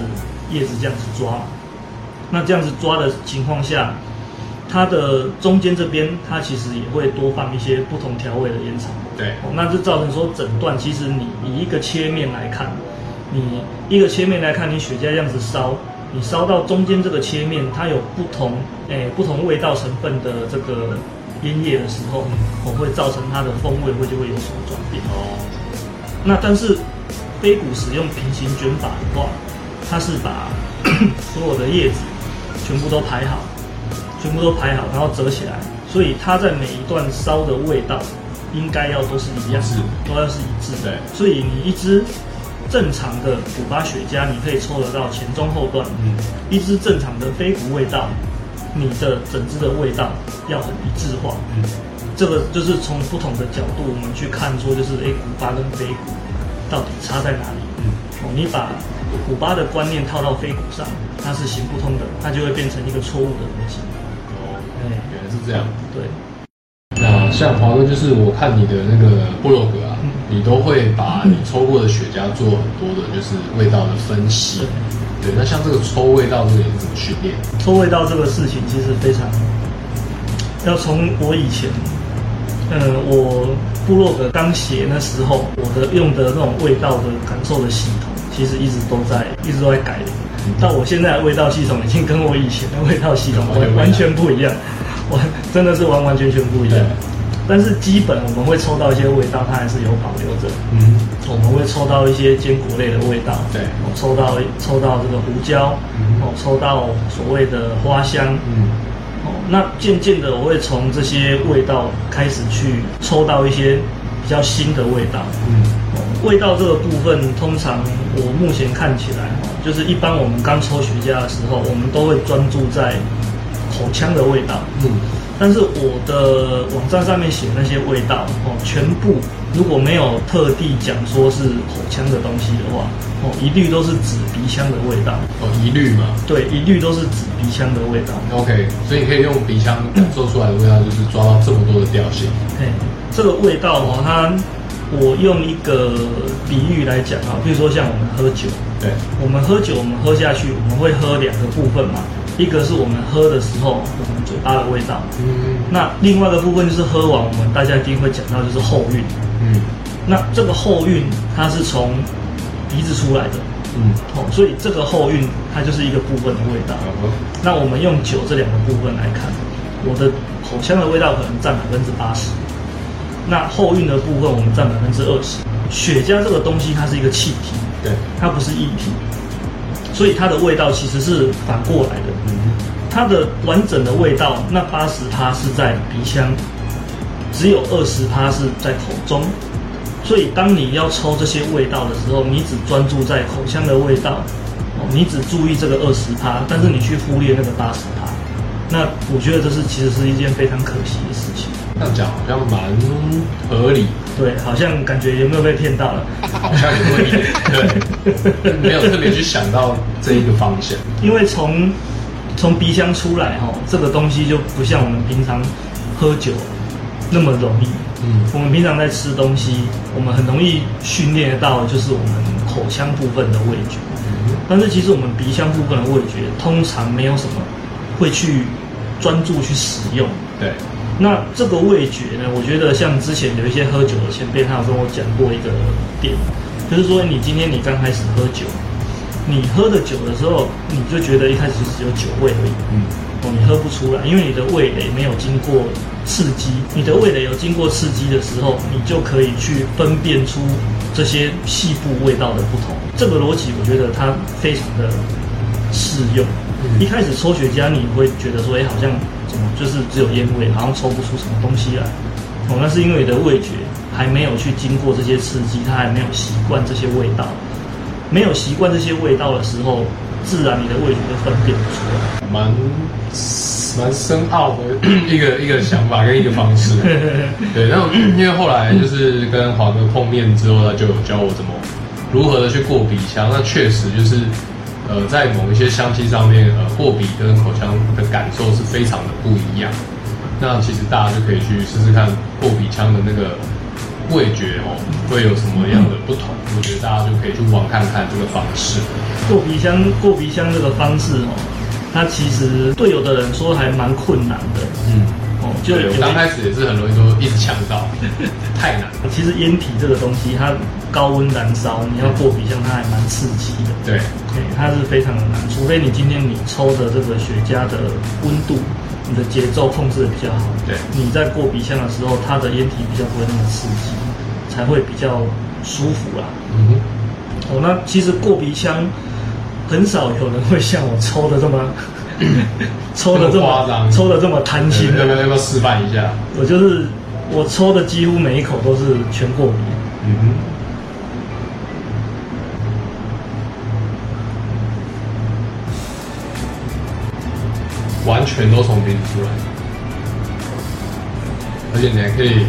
葉子這樣子抓。那這樣子抓的情況下，它的中間這邊，它其實也會多放一些不同調味的菸草。對，那就造成說整段，其實你以一個切面來看，你一個切面來看，你雪茄這樣子燒。你燒到中間這個切面，它有不同誒、欸、不同味道成分的這個煙葉的時候，我、嗯、會造成它的風味會就會有什麼轉變哦。那但是非古使用平行卷法的話，它是把咳咳所有的葉子全部都排好，全部都排好，然後折起來，所以它在每一段燒的味道應該要都是一樣，是都要是一致的。對所以你一支。正常的古巴雪茄，你可以抽得到前中後段，嗯、一支正常的非古味道，你的整支的味道要很一致化，嗯，這個就是從不同的角度我們去看出，就是哎古巴跟非古到底差在哪裡，嗯，哦你把古巴的觀念套到非古上，它是行不通的，它就會變成一個錯誤的模型，哦，哎對原來是這樣，對，呃、像那像滑哥就是我看你的那個部落格你都會把你抽過的雪茄做很多的，就是味道的分析、嗯。對，那像這個抽味道這點怎麼訓練？抽味道這個事情其實非常，要從我以前，嗯、呃，我部落格剛寫那時候，我的用的那種味道的感受的系統，其實一直都在，一直都在改。嗯、到我現在味道系統已經跟我以前的味道系統完全不一樣，嗯、完，完真的是完完全全不一樣。但是基本我們會抽到一些味道，它還是有保留着。嗯，我們會抽到一些堅果類的味道。對，我抽到抽到這個胡椒。嗯，我抽到所謂的花香。嗯，哦，那漸漸的我會從這些味道開始去抽到一些比較新的味道。嗯，味道這個部分，通常我目前看起來，就是一般我們剛抽雪茄的時候，我們都會專注在口腔的味道。嗯。但是我的網站上面寫那些味道哦，全部如果沒有特地講說是口腔的東西的話哦，一律都是指鼻腔的味道哦，一律嘛，對，一律都是指鼻腔的味道。OK，所以可以用鼻腔感受出來的味道，就是抓到這麼多的調性。嘿，okay, 這個味道哦，它我用一個比喻來講啊，比如說像我們喝酒，對，我們喝酒，我們喝下去，我們會喝兩個部分嘛。一個是我們喝的時候，我們嘴巴的味道。嗯，那另外的部分就是喝完，我們大家一定會講到，就是後韻。嗯，那這個後韻它是從鼻子出來的。嗯，好，哦，所以這個後韻它就是一個部分的味道。嗯，那我們用酒這兩個部分來看，我的口腔的味道可能佔百分之八十，那後韻的部分我們佔百分之二十。雪茄這個東西它是一個氣體，對，它不是液體。所以它的味道其實是反過來的，它的完整的味道那80，那八十趴是在鼻腔，只有二十趴是在口中。所以當你要抽這些味道的時候，你只專注在口腔的味道，你只注意這個二十趴，但是你去忽略那個八十趴。那我覺得這是其實是一件非常可惜的事情。這樣講好像蠻合理。對，好像感覺有沒有被騙到了？好像有問題，對，沒有特別去想到這一個方向。因為從從鼻腔出來哈、哦，這個東西就不像我們平常喝酒那麼容易。嗯，我們平常在吃東西，我們很容易訓練得到，就是我們口腔部分的味覺。嗯、哼但是其實我們鼻腔部分的味覺，通常沒有什麼會去專注去使用。對。那這個味覺呢？我覺得像之前有一些喝酒的前輩，他有跟我講過一個點，就是說你今天你剛開始喝酒，你喝的酒的時候，你就覺得一開始就只有酒味而已，嗯，哦，你喝不出來，因為你的味蕾沒有經過刺激，你的味蕾有經過刺激的時候，你就可以去分辨出這些細部味道的不同。這個邏輯我覺得它非常的適用。嗯、一開始抽雪茄，你會覺得說，哎、欸，好像。嗯、就是只有煙味，好像抽不出什麼東西來。哦、嗯，那是因為你的味覺還沒有去經過這些刺激，他還沒有習慣這些味道。沒有習慣這些味道的時候，自然你的味覺就分辨不出來。蠻蠻深奧的一個， 一個，一個想法跟一個方式。 對，然後因為後來就是跟華哥碰面之後，他就有教我怎麼如何的去過鼻腔。那確實就是。呃，在某一些香氣上面，呃，過鼻跟口腔的感受是非常的不一樣。那其實大家就可以去試試看，過鼻腔的那個味覺哦，會有什麼樣的不同？我覺得大家就可以去玩看看這個方式。過鼻腔、過鼻腔這個方式哦，它其實對有的人說還蠻困難的，嗯。嗯哦，就剛開始也是很容易都一直嗆到，太難了。其實煙體這個東西，它高溫燃燒，你要過鼻腔，它還蠻刺激的。對、嗯，它是非常的難，除非你今天你抽的這個雪茄的溫度，你的節奏控制的比較好。對，你在過鼻腔的時候，它的煙體比較不會那麼刺激，才會比較舒服啦、啊。嗯哼哦，那其實過鼻腔很少有人會像我抽的這麼。 抽的這麼誇張，抽的這麼貪心、啊嗯，要不要示範一下？我就是我抽的，幾乎每一口都是全過鼻，嗯哼，完全都從鼻出來，而且你還可以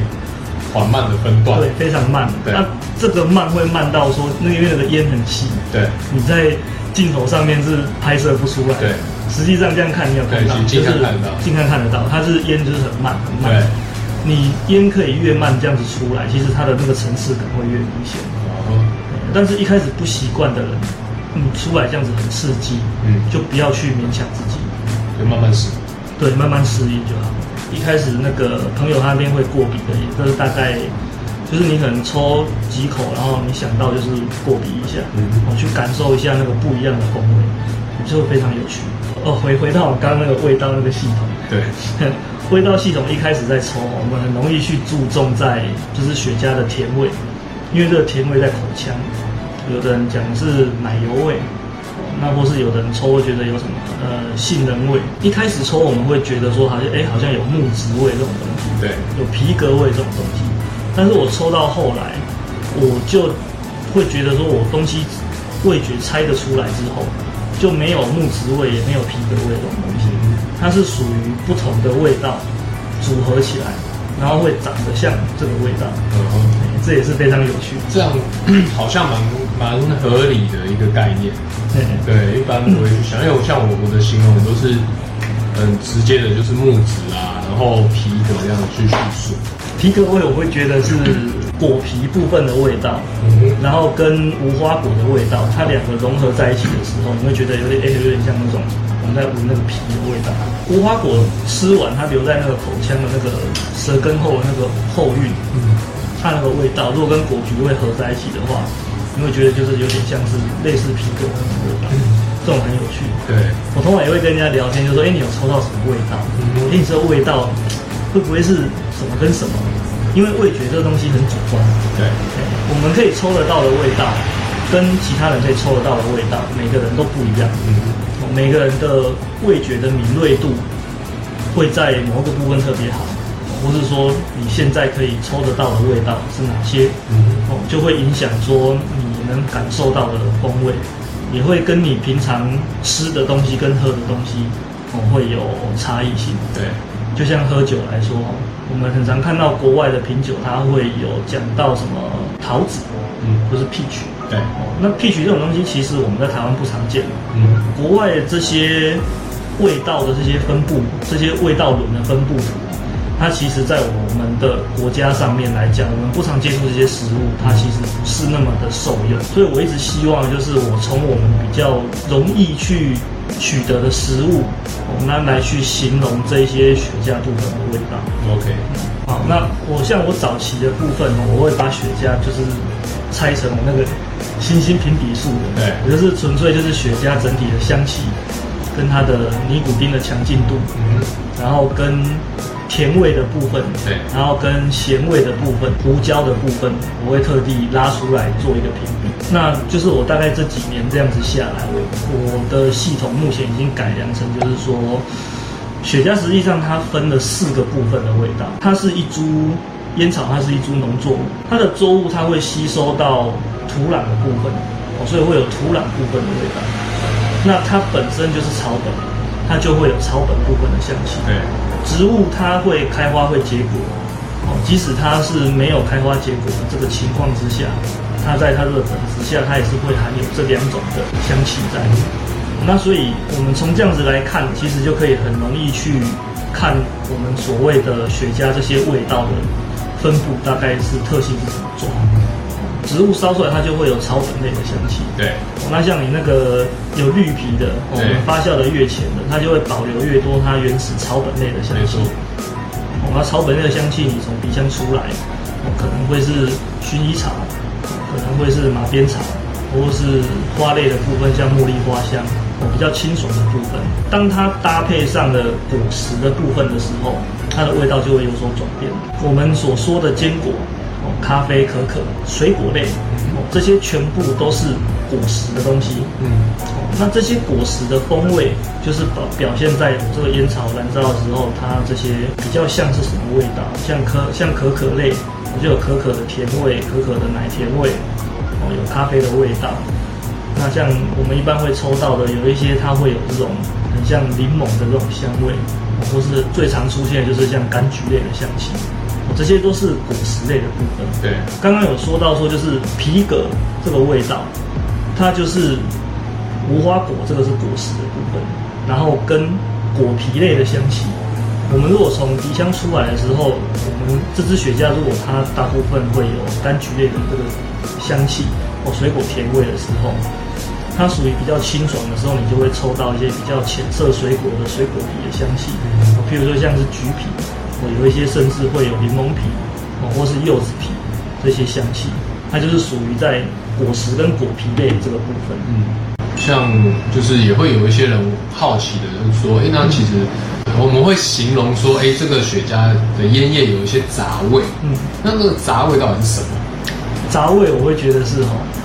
緩慢的分段，對，非常慢。那對、啊、這個慢會慢到說，那邊的煙很細，對，你在鏡頭上面是拍攝不出來的，實際上這樣看你有看到，對就是近看看，近看看得到，它是煙就是很慢很慢，對你煙可以越慢這樣子出來，其實它的那個層次感會越明顯。哦，但是一開始不習慣的人，你出來這樣子很刺激，嗯，就不要去勉強自己，慢慢適應。對，慢慢適應就好。一開始那個朋友他那邊會過鼻的煙，就是大概就是你可能抽幾口，然後你想到就是過鼻一下，嗯，去感受一下那個不一樣的風味，你就會非常有趣。哦，回回到我剛剛那個味道那個系統，對， 味道系統一開始在抽，我們很容易去注重在就是雪茄的甜味，因為這個甜味在口腔，有的人講的是奶油味，那或是有的人抽會覺得有什麼呃杏仁味，一開始抽我們會覺得說好像哎好像有木質味這種東西，對，有皮革味這種東西，但是我抽到後來，我就會覺得說我東西味覺猜得出來之後。就沒有木質味，也沒有皮革味這種東西，它是屬於不同的味道組合起來，然後會長得像這個味道。嗯，這也是非常有趣，這樣好像蠻蠻合理的一個概念。嗯，對對，一般不會去想，因為像我們的形容都是很，嗯，直接的，就是木質啊，然後皮革這樣去敘述。皮革味我會覺得就是。果皮部分的味道，然後跟無花果的味道，它兩個融合在一起的時候，你會覺得有點誒，有點像那種我們在聞那個皮的味道。無花果吃完，它留在那個口腔的那個舌根後的那個後韻，嗯、它那個味道，如果跟果皮會合在一起的話，你會覺得就是有點像是類似皮革那種味道，這種很有趣。對，我通常也會跟人家聊天，就說哎，你有抽到什麼味道？我那時候味道會不會是什麼跟什麼？因為味覺這個東西很主觀，對，我們可以抽得到的味道，跟其他人可以抽得到的味道，每個人都不一樣。嗯，每個人的味覺的敏銳度會在某個部分特別好，或是說你現在可以抽得到的味道是哪些，嗯，哦，就會影響說你能感受到的風味，也會跟你平常吃的東西跟喝的東西哦會有差異性。對，就像喝酒來說。我們很常看到國外的品酒，它會有講到什麼桃子，嗯，或是 peach，對，哦、那 peach 這種東西，其實我們在台灣不常見，嗯，國外這些味道的這些分布，這些味道輪的分布，它其實在我們的國家上面來講，我們不常接觸這些食物，它其實不是那麼的受用，所以我一直希望就是我從我們比較容易去。取得的食物，我們來來去形容這些雪茄部分的味道。OK，好，那我像我早期的部分呢，我會把雪茄就是拆成我那個星星評比數的，對，也就是純粹就是雪茄整體的香氣跟它的尼古丁的強勁度，嗯、然後跟。甜味的部分，對，然後跟鹹味的部分，胡椒的部分，我會特地拉出來做一個評比。那就是我大概這幾年這樣子下來，我我的系統目前已經改良成，就是說，雪茄實際上它分了四個部分的味道。它是一株菸草，它是一株農作物，它的作物它會吸收到土壤的部分，哦，所以會有土壤部分的味道。那它本身就是草本，它就會有草本部分的香氣。對。植物它會開花會結果，哦，即使它是沒有開花結果的這個情況之下，它在它的本質下，它也是會含有這兩種的香氣在裡面。那所以，我們從這樣子來看，其實就可以很容易去看我們所謂的雪茄這些味道的分布大概是特性是怎麼做。植物燒出來，它就會有草本類的香氣。對，那像你那個有綠皮的，哦、我們對發酵的越淺的，它就會保留越多它原始草本類的香氣。沒錯對、哦，草本類的香氣你從鼻腔出來、哦，可能會是薰衣草，可能會是馬鞭草，或是花類的部分，像茉莉花香，比較清爽的部分。當它搭配上了果實的部分的時候，它的味道就會有所轉變。我們所說的堅果。咖啡、可可、水果類，這些全部都是果實的東西。嗯，那這些果實的風味，就是表表現在這個菸草燃燒的時候，它這些比較像是什麼味道？像可像可可類，就有可可的甜味、可可的奶甜味，哦，有咖啡的味道。那像我們一般會抽到的，有一些它會有這種很像檸檬的這種香味，或是最常出現的就是像柑橘類的香氣。這些都是果實類的部分。對，剛剛有說到說，就是皮革這個味道，它就是無花果這個是果實的部分，然後跟果皮類的香氣。我們如果從鼻腔出來的時候，我們這支雪茄如果它大部分會有柑橘類的這個香氣或水果甜味的時候，它屬於比較清爽的時候，你就會抽到一些比較淺色水果的水果皮的香氣，譬如說像是橘皮。哦，有一些甚至會有檸檬皮哦，或是柚子皮這些香氣，它就是屬於在果實跟果皮類這個部分。嗯，像就是也會有一些人好奇的，就說，哎、嗯欸，那其實我們會形容說，哎、欸，這個雪茄的菸葉有一些雜味。嗯，那這個雜味到底是什麼？雜味我會覺得是哈。哦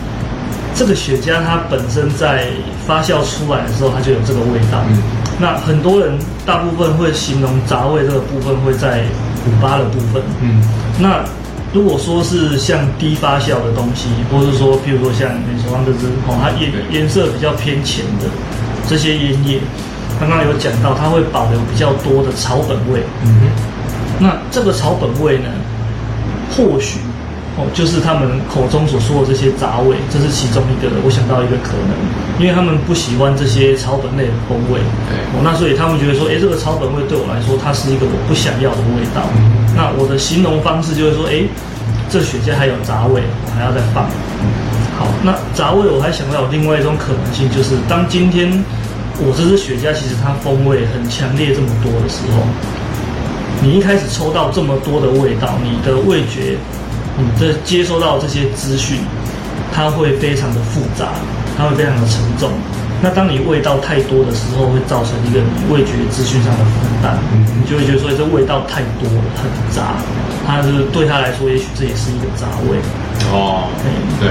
這個雪茄它本身在發酵出來的時候，它就有這個味道。嗯，那很多人大部分會形容雜味這個部分會在古巴的部分。嗯，那如果說是像低發酵的東西，或是說譬如說像你手上這隻，哦，它顏顏色比較偏淺的這些煙葉，剛剛有講到它會保留比較多的草本味。嗯，那這個草本味呢，或許。哦，就是他們口中所說的這些雜味，這是其中一個。我想到一個可能，因為他們不喜歡這些草本類的風味。對，那所以他們覺得說，欸，這個草本味對我來說，它是一個我不想要的味道。那我的形容方式就會說，欸，這雪茄還有雜味，我還要再放。好，那雜味我還想到有另外一種可能性，就是當今天我這支雪茄其實它風味很強烈，這麼多的時候，你一開始抽到這麼多的味道，你的味覺。你這、嗯、接收到這些資訊，它會非常的複雜，它會非常的沉重。那當你味道太多的時候，會造成一個你味覺資訊上的負擔，你就會覺得說這味道太多了，很雜。它、就是對他來說，也許這也是一個雜味哦。對，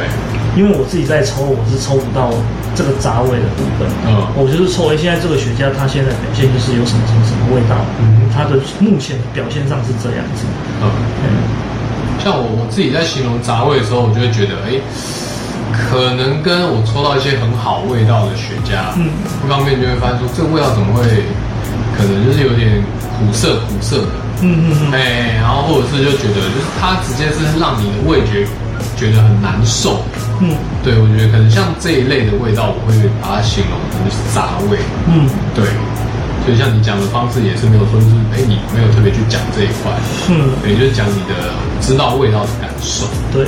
因為我自己在抽，我是抽不到這個雜味的部分。嗯，我就是抽。哎，現在這個雪茄它現在表現就是有什麼什麼什麼味道？嗯，它的目前表現上是這樣子。嗯。嗯像我我自己在形容雜味的時候，我就會覺得，哎、欸，可能跟我抽到一些很好味道的雪茄，嗯，一方面就會發現說，這個味道怎麼會，可能就是有點苦澀苦澀的，嗯嗯嗯，哎、欸，然後或者是就覺得，就是它直接是讓你的味覺覺得很難受，嗯，對我覺得可能像這一類的味道，我會把它形容成雜味，嗯，對，所以像你講的方式也是沒有說，就是哎、欸，你沒有特別去講這一塊，嗯，也、欸、就是講你的。知道味道的感受，對。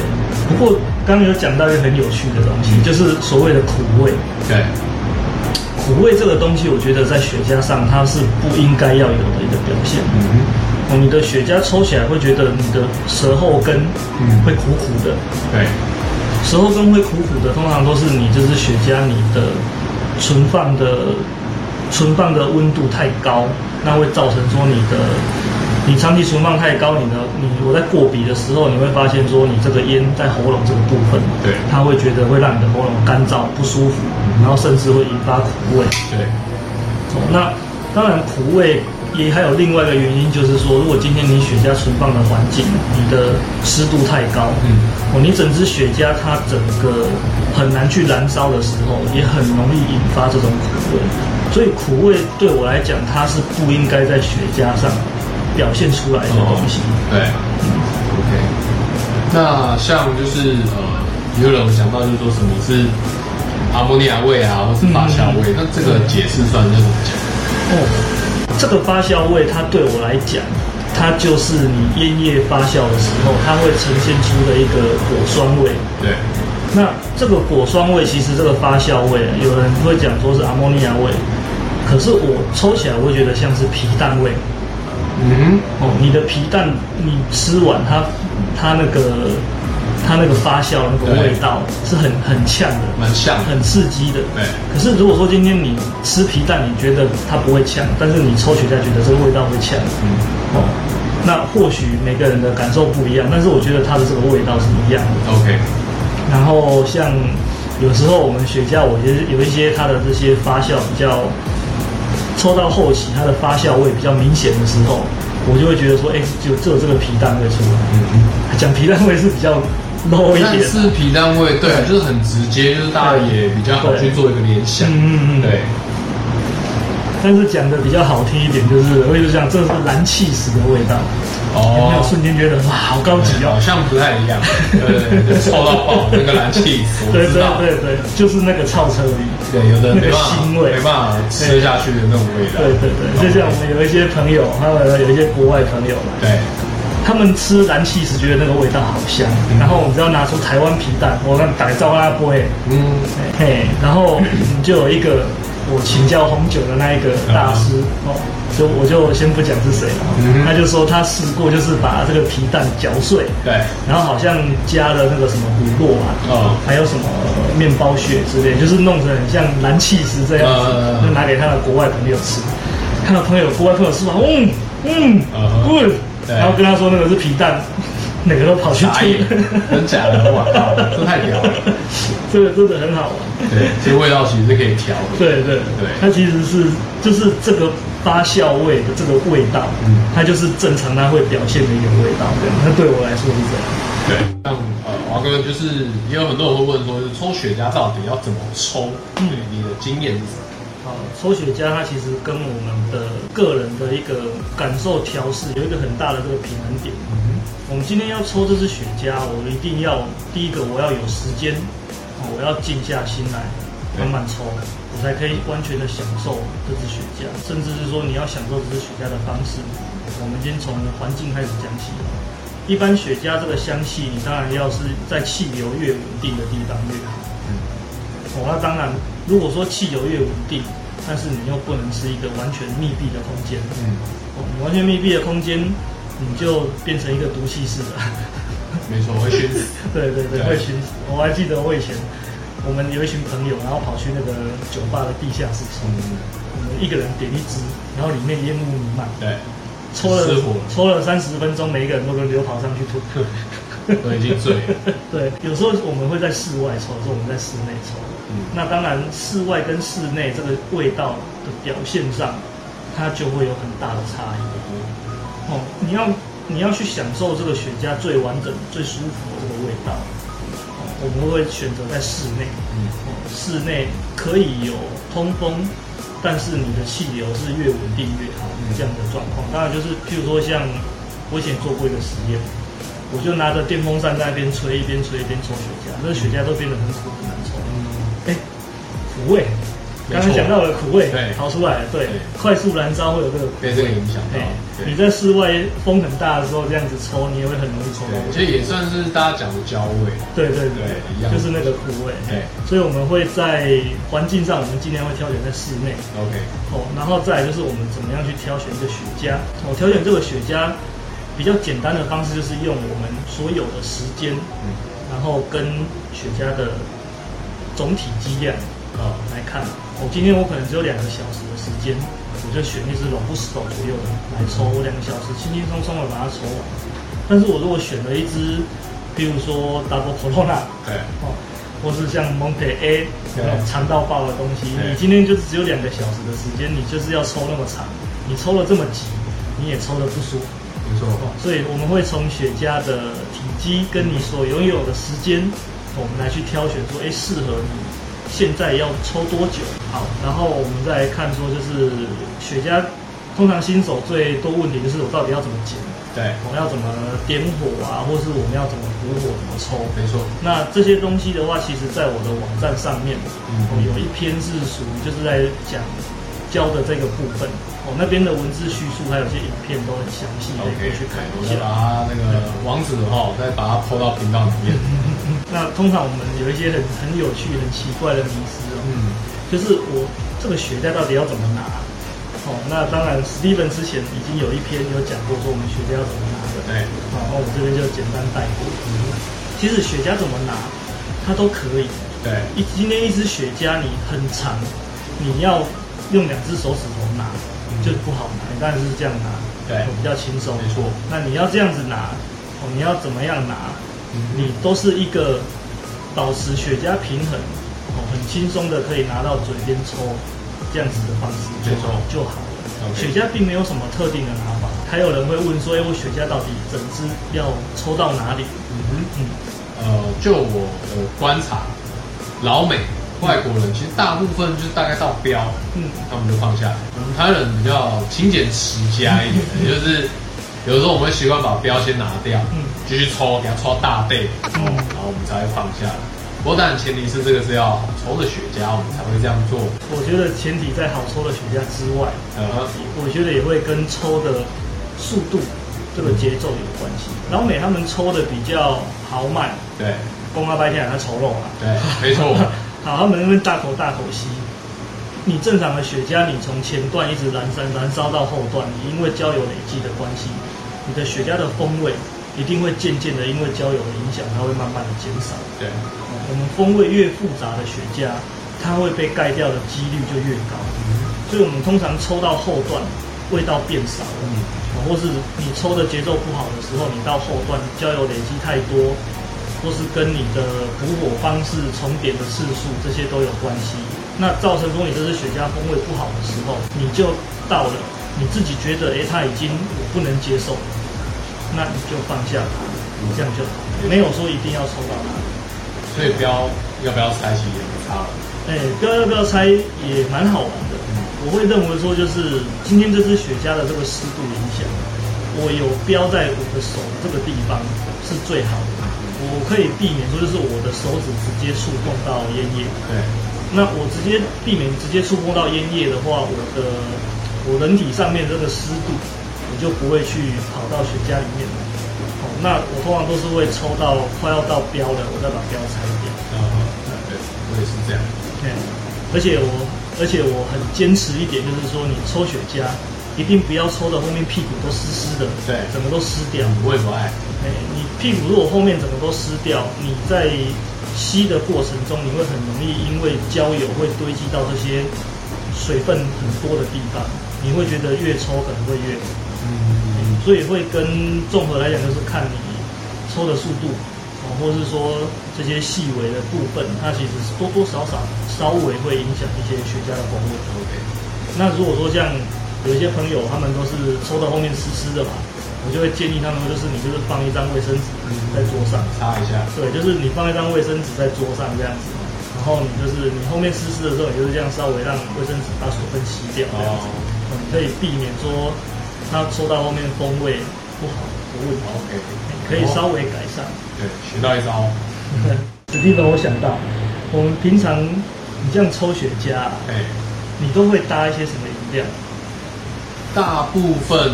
不過剛剛有講到一個很有趣的東西，嗯、就是所謂的苦味。對，okay. 苦味這個東西，我覺得在雪茄上它是不應該要有的一個表現。嗯，你的雪茄抽起來會覺得你的舌後根，會苦苦的。對、嗯，okay. 舌後根會苦苦的，通常都是你這支雪茄你的存放的存放的溫度太高，那會造成說你的。你長期存放太高，你的你我在過鼻的時候，你會發現說你這個煙在喉嚨這個部分，對，它會覺得會讓你的喉嚨乾燥不舒服，嗯、然後甚至會引發苦味。對，嗯、哦，那當然苦味也還有另外一個原因，就是說如果今天你雪茄存放的環境，你的濕度太高，嗯，哦，你整支雪茄它整個很難去燃燒的時候，也很容易引發這種苦味。所以苦味對我來講，它是不應該在雪茄上，表現出來的東西，哦、對、嗯、OK。那像就是呃，有人會講到就是說什麼是阿摩尼亞味啊，或者是發酵味，那、嗯、這個解釋算是怎麼講？哦，這個發酵味它對我來講，它就是你煙葉發酵的時候，它會呈現出的一個果酸味。對，那這個果酸味其實這個發酵味，有人會講說是阿摩尼亞味，可是我抽起來我會覺得像是皮蛋味。嗯哦，mm hmm. oh. 你的皮蛋你吃完它，它那個它那個發酵那個味道是很很嗆的，蠻嗆，很刺激的。對。可是如果說今天你吃皮蛋，你覺得它不會嗆，但是你抽取下去的這個味道會嗆。嗯、mm hmm. 哦，那或許每個人的感受不一樣，但是我覺得它的這個味道是一樣的。OK。然後像有時候我們雪茄，我覺得有一些它的這些發酵比較。抽到後期，它的發酵味比較明顯的時候，我就會覺得說，哎，就有這這個皮蛋味出來。嗯嗯、講皮蛋味是比較 low 一點，但是皮蛋味對、啊，就是很直接，對就是大家也比較好去做一個聯想。嗯對對嗯嗯，對。但是講的比較好聽一點，就是我一直講，這是藍起司的味道。哦，瞬間覺得哇，好高級哦，好像不太一樣。對對對，臭到爆那個藍起司，對對對，就是那個臭車裡對，有的那個腥味，沒辦法吃下去的那種味道。對對對，就像我們有一些朋友，他們有一些國外朋友，對，他們吃藍起司時覺得那個味道好香。然後我們就要拿出台灣皮蛋，我們改造拉波嘿，嗯嘿，然後我們就有一個我請教紅酒的那一個大師哦。就我就先不講是誰了，他就說他試過，就是把這個皮蛋嚼碎，對，然後好像加了那個什麼胡椒啊，還有什麼麵包屑之類，就是弄成很像藍起司這樣子，就拿給他的國外朋友吃，他的朋友國外朋友吃完，嗯嗯，嗯，然後跟他說那個是皮蛋，哪個都跑去吐，很假的哇，這太屌，這真的很好玩，對，這味道其實是可以調的，對對對，它其實是就是這個。發酵味的這個味道，嗯、它就是正常，它會表現的一個味道，對，那對我來說是這樣。對，像呃華哥，就是也有很多人會問說，是抽雪茄到底要怎麼抽？嗯對，你的經驗是什麼？抽雪茄它其實跟我們的個人的一個感受調試有一個很大的這個平衡點。嗯，我們今天要抽這支雪茄，我們一定要第一個我要有時間，我要靜下心來，慢慢抽的，才可以完全的享受這支雪茄，甚至是說你要享受這支雪茄的方式。我們先從環境開始講起。一般雪茄這個香氣，你當然要是在氣流越穩定的地方越好。嗯。哦，那當然，如果說氣流越穩定，但是你又不能是一個完全密閉的空間。嗯。哦，完全密閉的空間，你就變成一個毒氣室了。嗯。 沒錯，我會燻死。對對對，會燻死。我還記得我以前。我們有一群朋友，然後跑去那個酒吧的地下室抽，嗯、我們一個人點一支，然後裡面煙霧瀰漫。對，抽了傅抽了三十分鐘，每一個人都輪流跑上去吐。我呵 已經醉了。對，有時候我們會在室外抽，有時候我們在室內抽。嗯，那當然，室外跟室內這個味道的表現上，它就會有很大的差異。哦、嗯，你要你要去享受這個雪茄最完整、最舒服的這個味道。我們會選擇在室內，室內可以有通風，但是你的氣流是越穩定越好，這樣的狀況。當然就是譬如說像我以前做過一個實驗，我就拿着電風扇在那邊吹，一邊吹一邊抽雪茄，那雪茄都變得很苦，很難抽，哎，苦味。剛剛講到的苦味對，逃出來了，對，對，對快速燃燒會有這個苦味被這個影響。對，對你在室外風很大的時候這樣子抽，你也會很容易抽我的。我覺得也算是大家講的焦味。對對對，對對對一樣，就是那個苦味。對，所以我們會在環境上，我們盡量會挑選在室內。OK，哦，然後再來就是我們怎麼樣去挑選一個雪茄？我、哦、挑選這個雪茄比較簡單的方式，就是用我們所有的時間，然後跟雪茄的總體積量。看，我、哦、今天我可能只有兩個小時的時間，我就選一支 Robusto 左右的來抽，我兩個小時輕輕鬆鬆的把它抽完。但是我如果選了一支，比如說 Double Corona 對，哦，或是像 Monte A，那種 Yeah.、嗯、長到爆的東西，你今天就是只有兩個小時的時間，你就是要抽那麼長，你抽了這麼急，你也抽的不舒服。沒錯錯、哦，所以我們會從雪茄的體積跟你所擁有的時間，我們來去挑選出，哎、欸，適合你。現在要抽多久？好，然後我們再來看，說就是雪茄，通常新手最多問題就是我到底要怎麼剪？對，我們要怎麼點火啊，或是我們要怎麼補火、怎麼抽？沒錯。那這些東西的話，其實在我的網站上面，我，有一篇是屬於就是在講。教的這個部分，哦，那邊的文字敘述還有一些影片都很詳細，也可以去看一下。我把那個網址哈，嗯、再把它拋到頻道裡面。 那通常我們有一些很很有趣、很奇怪的迷思哦、嗯嗯，就是我這個雪茄到底要怎麼拿？嗯、哦，那當然，史蒂芬之前已經有一篇有講過，說我們雪茄要怎麼拿的。對，然後我這邊就簡單帶過、嗯。其實雪茄怎麼拿，它都可以。對，一今天一支雪茄你很長，你要。用兩隻手指頭拿，嗯、就不好拿，但是這樣拿，對，比較輕鬆。沒錯，那你要這樣子拿，哦，你要怎麼樣拿，嗯、你都是一個保持雪茄平衡，很輕鬆的可以拿到嘴邊抽，這樣子的方式就就好。雪茄並沒有什麼特定的拿法，還有人會問說，哎，我雪茄到底整支要抽到哪裡？嗯嗯，嗯呃，就我我觀察，老美。外國人其實大部分就大概到標，嗯，他們就放下來。我們台灣人比較勤儉持家一點的，嗯、就是有時候我們會習慣把標先拿掉，嗯，繼續抽，給它抽到大背然後、嗯、然後我們才會放下來。不過當然前提是這個是要抽的雪茄，我們才會這樣做。我覺得前提在好抽的雪茄之外，呃、嗯哼，我覺得也會跟抽的速度、這個節奏有關係。老美、嗯、他們抽的比較豪邁，對，公鴨白天他抽肉啊，對，沒錯。 好，他們那邊大口大口吸，你正常的雪茄，你從前段一直燃燒，燃燒到後段，你因為焦油累積的關係，你的雪茄的風味一定會漸漸的，因為焦油的影響，它會慢慢的減少。對，我們風味越複雜的雪茄，它會被蓋掉的幾率就越高。所以，我們通常抽到後段，味道變少了，嗯，或是你抽的節奏不好的時候，你到後段焦油累積太多。或是跟你的補火方式重疊的次數，這些都有關係。那造成說你這只雪茄風味不好的時候，你就到了你自己覺得，哎、欸，它已經我不能接受，那你就放下了，嗯、這樣就好。嗯、沒有說一定要抽到它、嗯。所以標要,要不要拆去也不差。哎、欸，標要不要拆也蠻好玩的。嗯、我會認為說，就是今天這只雪茄的這個濕度影響，我有標在我的手這個地方是最好的。我可以避免說，就是我的手指直接觸碰到菸葉。對，Okay. 那我直接避免直接觸碰到菸葉的話，我的我人體上面這個濕度，我就不會去跑到雪茄裡面了。好，哦，那我通常都是會抽到快要到標的，我再把標拆掉。啊啊，對，我也是這樣。對，而且我，而且我很堅持一點，就是說你抽雪茄，一定不要抽到後面屁股都濕濕的，對，整個都濕掉，不會不愛、哎。你屁股如果後面整個都濕掉，你在吸的過程中，你會很容易因為焦油會堆積到這些水分很多的地方，嗯、你會覺得越抽可能會越，嗯嗯嗯哎、所以會跟綜合來講，就是看你抽的速度，或、哦、或是說這些細微的部分，它其實是多多少少稍微會影響一些雪茄的風味。對那如果說像。有一些朋友，他們都是抽到後面濕濕的嘛，我就會建議他們，就是你就是放一張衛生紙在桌上擦一下。對，就是你放一張衛生紙在桌上這樣子，然後你就是你後面濕濕的時候，你就是這樣稍微讓衛生紙把水分吸掉，哦，可以避免說它抽到後面風味不好。OK，可以稍微改善。對，學到一招。史蒂芬，我想到，我們平常你這樣抽雪茄，你都會搭一些什麼飲料？大部分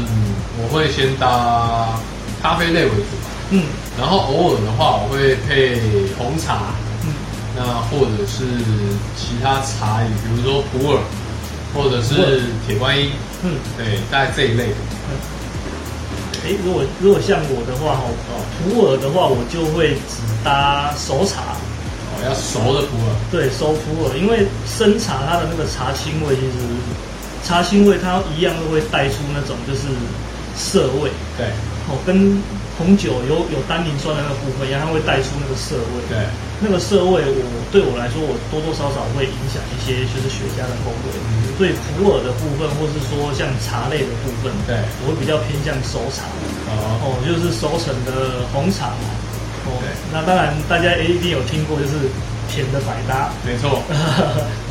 我會先搭咖啡類為主，嗯，然後偶爾的話我會配紅茶，嗯，那或者是其他茶飲，比如說普洱，或者是鐵觀音，嗯，對，大概這一類的。哎、嗯欸，如果如果像我的話，好普洱的話我就會只搭熟茶，哦，要熟的普洱，對，熟普洱，因為生茶它的那個茶青味其實。茶青味它一樣都會帶出那種就是澀味，對、哦，跟紅酒有有單寧酸的那個部分一樣，它會帶出那個澀味，對，那個澀味我對我來說我多多少少會影響一些就是學家的風味，對普洱的部分或是說像茶類的部分，對我會比較偏向熟茶，哦、嗯，就是熟成的紅茶嘛。對哦，那當然大家 A 定有聽過就是。甜的百搭，沒錯，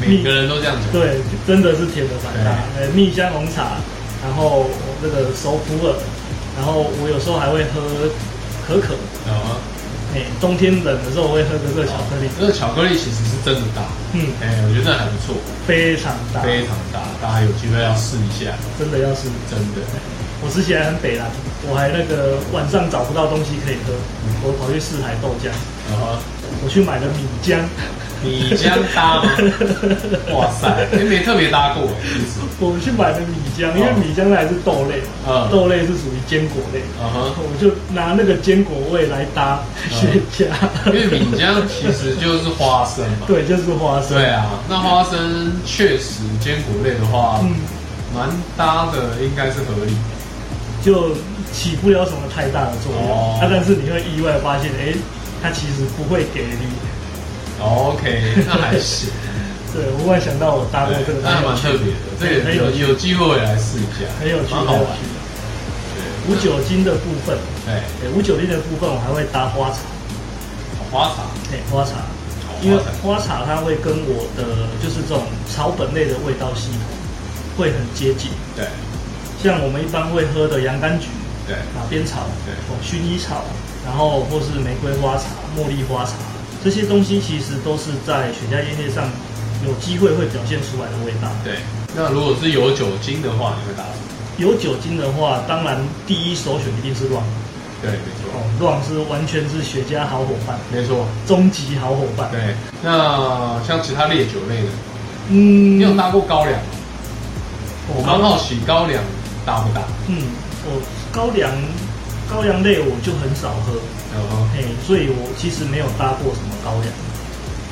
每個人都這樣子。對，真的是甜的百搭。蜜香紅茶，然後這個熟普洱。然後我有時候還會喝可可。啊。冬天冷的時候我會喝這個巧克力。這個巧克力其實是真的大。嗯。哎，我覺得真的還不錯。非常大。非常大，大家有機會要試一下。真的要試。真的。我吃起來很北南，我還那個晚上找不到東西可以喝，我跑去四海豆漿。啊。我去買了米漿，米漿搭嗎？哇塞，欸、沒特別搭過、欸，其實。我們去買的米漿，因為米漿它是豆類，嗯、豆類是屬於堅果類，嗯、我就拿那個堅果味來搭雪茄。嗯、吃因為米漿其實就是花生嘛，對，就是花生。對啊，那花生確實堅果類的話，蠻、嗯、搭的，應該是合理，就起不了什麼太大的作用、哦啊。但是你會意外發現，哎、欸。它其實不會給力。OK，那還行，對，我忽然想到我搭過這個，那還蠻特別的。對，有有機會來試一下，很有趣，蠻好玩。對，無酒精的部分，哎，無酒精的部分我還會搭花茶。花茶？對，花茶。因為花茶它會跟我的就是這種草本類的味道系統會很接近。對。像我們一般會喝的洋甘菊，對，馬鞭草，對，薰衣草，然後或是玫瑰花茶、茉莉花茶這些東西，其實都是在雪茄菸葉上有機會會表現出來的味道。對。那如果是有酒精的話，你會打什麼？有酒精的話，當然第一首選一定是朗。對，沒錯。哦，oh, 朗是完全是雪茄好夥伴。沒錯，終極好夥伴。對。那像其他烈酒類的，嗯，你有搭過高粱嗎？哦、我剛好洗高粱，搭不搭？嗯，哦，高粱。高粱類我就很少喝，哦哈，嘿、欸，所以我其實沒有搭過什麼高粱。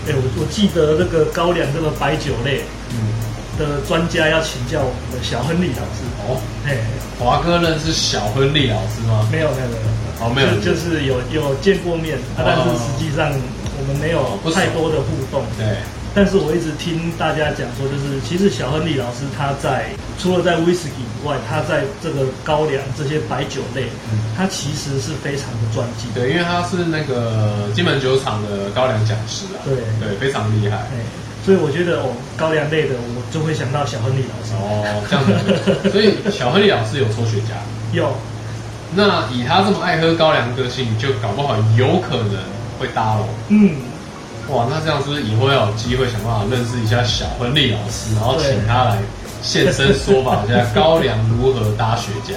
欸、我，我記得那個高粱這個白酒類的專家要請教我們的小亨利老師。哦，華、欸哦、哥認識小亨利老師嗎？沒有，沒有，沒有，沒有就，就是有有見過面、哦啊，但是實際上我們沒有太多的互動。對。但是我一直聽大家講說，就是其實小亨利老師他在除了在威士忌以外，他在這個高粱這些白酒類，嗯、他其實是非常的專精的。對，因為他是那個金門酒廠的高粱講師啊。對對，非常厲害對。所以我覺得哦，高粱類的我就會想到小亨利老師哦。這樣子，所以小亨利老師有抽雪茄？ 有。那以他這麼愛喝高粱個性，就搞不好有可能會搭我。嗯。哇，那這樣是不是以後要有機會想辦法認識一下小亨利老師，然後請他來現身說法一下高粱如何搭雪茄？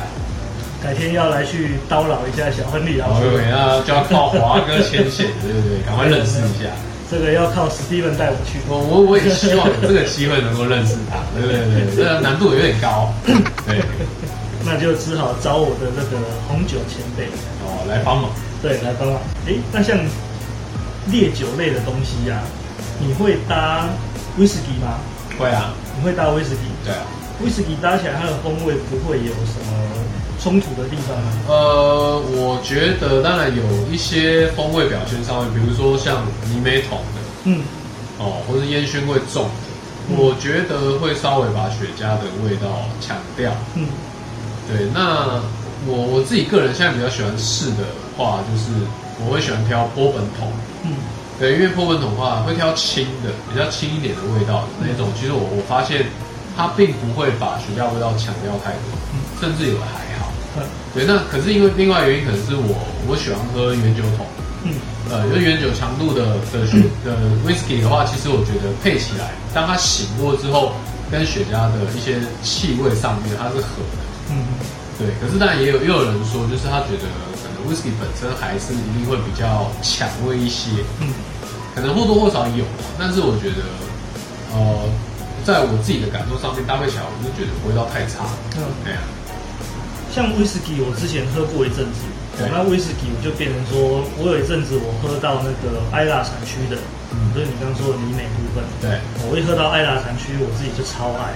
改天要來去叨擾一下小亨利老師，對不對？Okay, 那就要靠華哥牽線， 對不對，對，趕快認識一下。這個要靠 Steven 帶我去。我我我也希望有這個機會能夠認識他，對對對，這個難度有點高。對，對，對， 那就只好找我的那個紅酒前輩哦來幫忙，對，來幫忙。哎、欸，那像。烈酒類的東西呀、啊，你會搭威士忌嗎？會啊，你會搭威士忌？對啊，威士忌搭起來它的風味不會有什麼衝突的地方嗎？呃，我覺得當然有一些風味表現稍微，比如說像泥煤桶的，嗯，哦，或是煙燻味重的，嗯、我覺得會稍微把雪茄的味道搶掉，嗯，對，那。我我自己個人現在比較喜歡試的話，就是我會喜歡挑波本桶，嗯，對，因為波本桶的話會挑輕的，比較輕一點的味道的那種。其實我我發現它並不會把雪茄味道強調太多，甚至有的還好，對，那可是因為另外原因，可能是我我喜歡喝原酒桶，嗯，呃，有原酒強度的的的威士忌的話，其實我覺得配起來，當它醒過之後，跟雪茄的一些氣味上面它是合的，嗯。對，可是當然也有，也有人說，就是他覺得可能威士忌本身還是一定會比較搶味一些，嗯，可能或多或少有，但是我覺得，呃，在我自己的感受上面，搭配起來我就覺得味道太差，嗯，對啊。像威士忌，我之前喝過一陣子，對那威士忌我就變成說，我有一陣子我喝到那個艾拉產區的，嗯，就是你剛剛說的泥煤部分，對，我一喝到艾拉產區，我自己就超愛。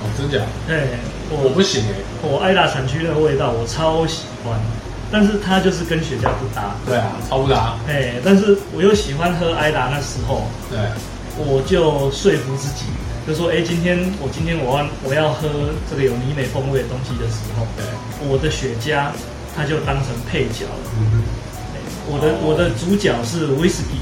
哦、真假？對、欸，我，我不行哎、欸，我艾達產區的味道我超喜歡，但是它就是跟雪茄不搭。對啊，超不搭。哎、欸，但是我又喜歡喝艾達那時候。對，我就說服自己，就說哎、欸，今天我今天我要我要喝這個有泥煤風味的東西的時候，對，我的雪茄它就當成配角了。嗯哼，欸、我的我的主角是威士忌。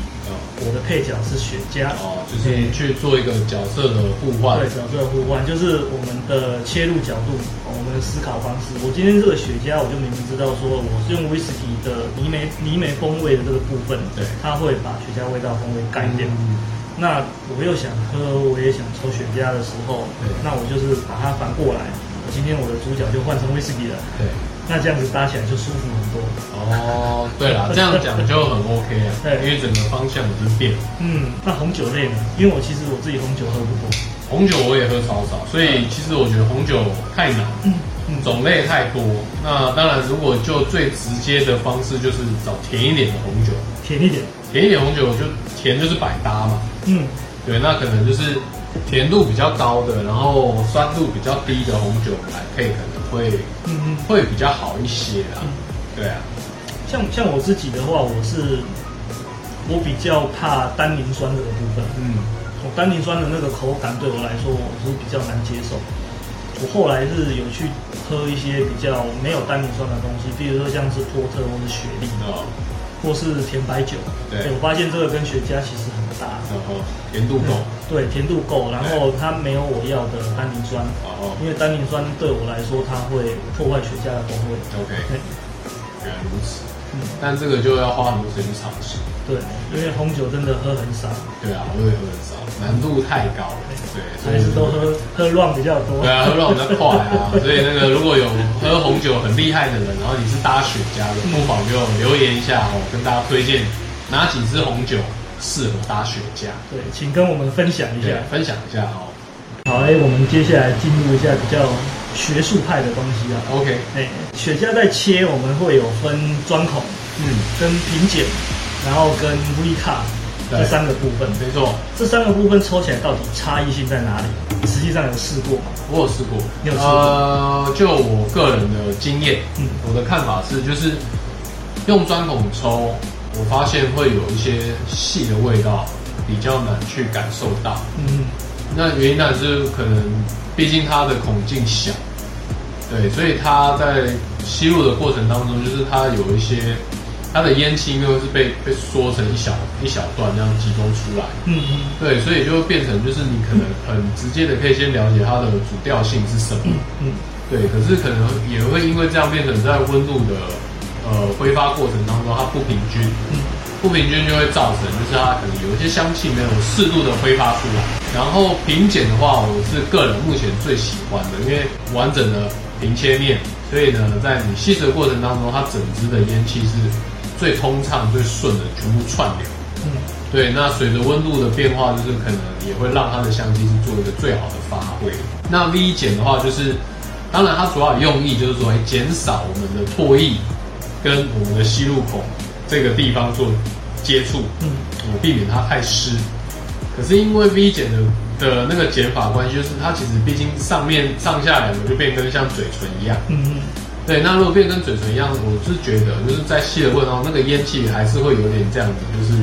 我的配角是雪茄，哦，就是你去做一個角色的互換。對，角色的互換就是我們的切入角度，我們的思考方式。我今天這個雪茄，我就明明知道說我是用威士忌的泥煤泥煤風味的這個部分，對，它會把雪茄味道風味幹掉。嗯，那我又想喝，我也想抽雪茄的時候，對那我就是把它反過來。我今天我的主角就換成威士忌了。對。那這樣子搭起來就舒服很多了哦。對啦，這樣講就很 OK 啊。對，對，因為整個方向已經變了。對。嗯，那紅酒類呢？因為我其實我自己紅酒喝不多，紅酒我也喝超少，少，所以其實我覺得紅酒太難，對。嗯，種類太多。那當然，如果就最直接的方式，就是找甜一點的紅酒，甜一點，甜一點紅酒我就甜就是百搭嘛。嗯，對，那可能就是。甜度比較高的，然後酸度比較低的紅酒來配可,可能會，嗯哼，會比較好一些啊。嗯、對啊，像像我自己的話，我是我比較怕單寧酸這個部分，嗯，我單寧酸的那個口感對我來說我是比較難接受。我後來是有去喝一些比較沒有單寧酸的東西，比如說像是波特或者雪莉啊，嗯、或是甜白酒，對，我發現這個跟雪茄其實。大，然後甜度夠，對，甜度夠，然後它沒有我要的單寧酸，哦，因為單寧酸對我來說，它會破壞雪茄的風味。OK，原來如此，但這個就要花很多時間去嘗試。對，因為紅酒真的喝很少。對啊，我也喝很少，難度太高。對，還是都喝喝亂比較多。對啊，喝亂比較快啊，所以那個如果有喝紅酒很厲害的人，然後你是搭雪茄的，不妨給我留言一下哦，跟大家推薦哪幾支紅酒。適合搭雪茄。對，請跟我們分享一下。分享一下好好嘞。欸、我們接下來進入一下比較學術派的東西啊。OK，雪茄、欸、在切，我們會有分鑽孔、嗯，跟平剪，然後跟 V 卡、嗯、這三個部分。沒錯，這三個部分抽起來到底差異性在哪裡？實際上有試過嗎？我有試過。你有試過？呃，就我個人的經驗，嗯，我的看法是，就是用鑽孔抽。我發現會有一些細的味道比較難去感受到，嗯，嗯，那原因呢是可能畢竟它的孔徑小，對，所以它在吸入的過程當中，就是它有一些它的煙氣因為是被被縮成一小一小段這樣集中出來，嗯嗯，對，所以就會變成就是你可能很直接的可以先了解它的主調性是什麼，嗯，嗯，對，可是可能也會因為這樣變成在溫度的。呃，揮發過程當中它不平均，嗯，不平均就會造成，就是它可能有一些香氣沒有適度的揮發出來。然後平剪的話，我是個人目前最喜歡的，因為完整的平切面，所以呢，在你吸食過程當中，它整支的煙氣是最通暢、最順的，全部串流。嗯，對，那隨着溫度的變化，就是可能也會讓它的香氣是做一個最好的發揮。那 V 剪的話，就是當然它主要有用意就是說會減少我們的唾液，跟我們的吸入口這個地方做接觸，嗯，我避免它太濕。可是因為 V 剪的的、呃、那個剪法關係，就是它其實畢竟上面上下來，我就變跟像嘴唇一樣，嗯嗯哼。對，那如果變跟嘴唇一樣，我是覺得就是在吸的過程中，那個煙氣還是會有點這樣子，就是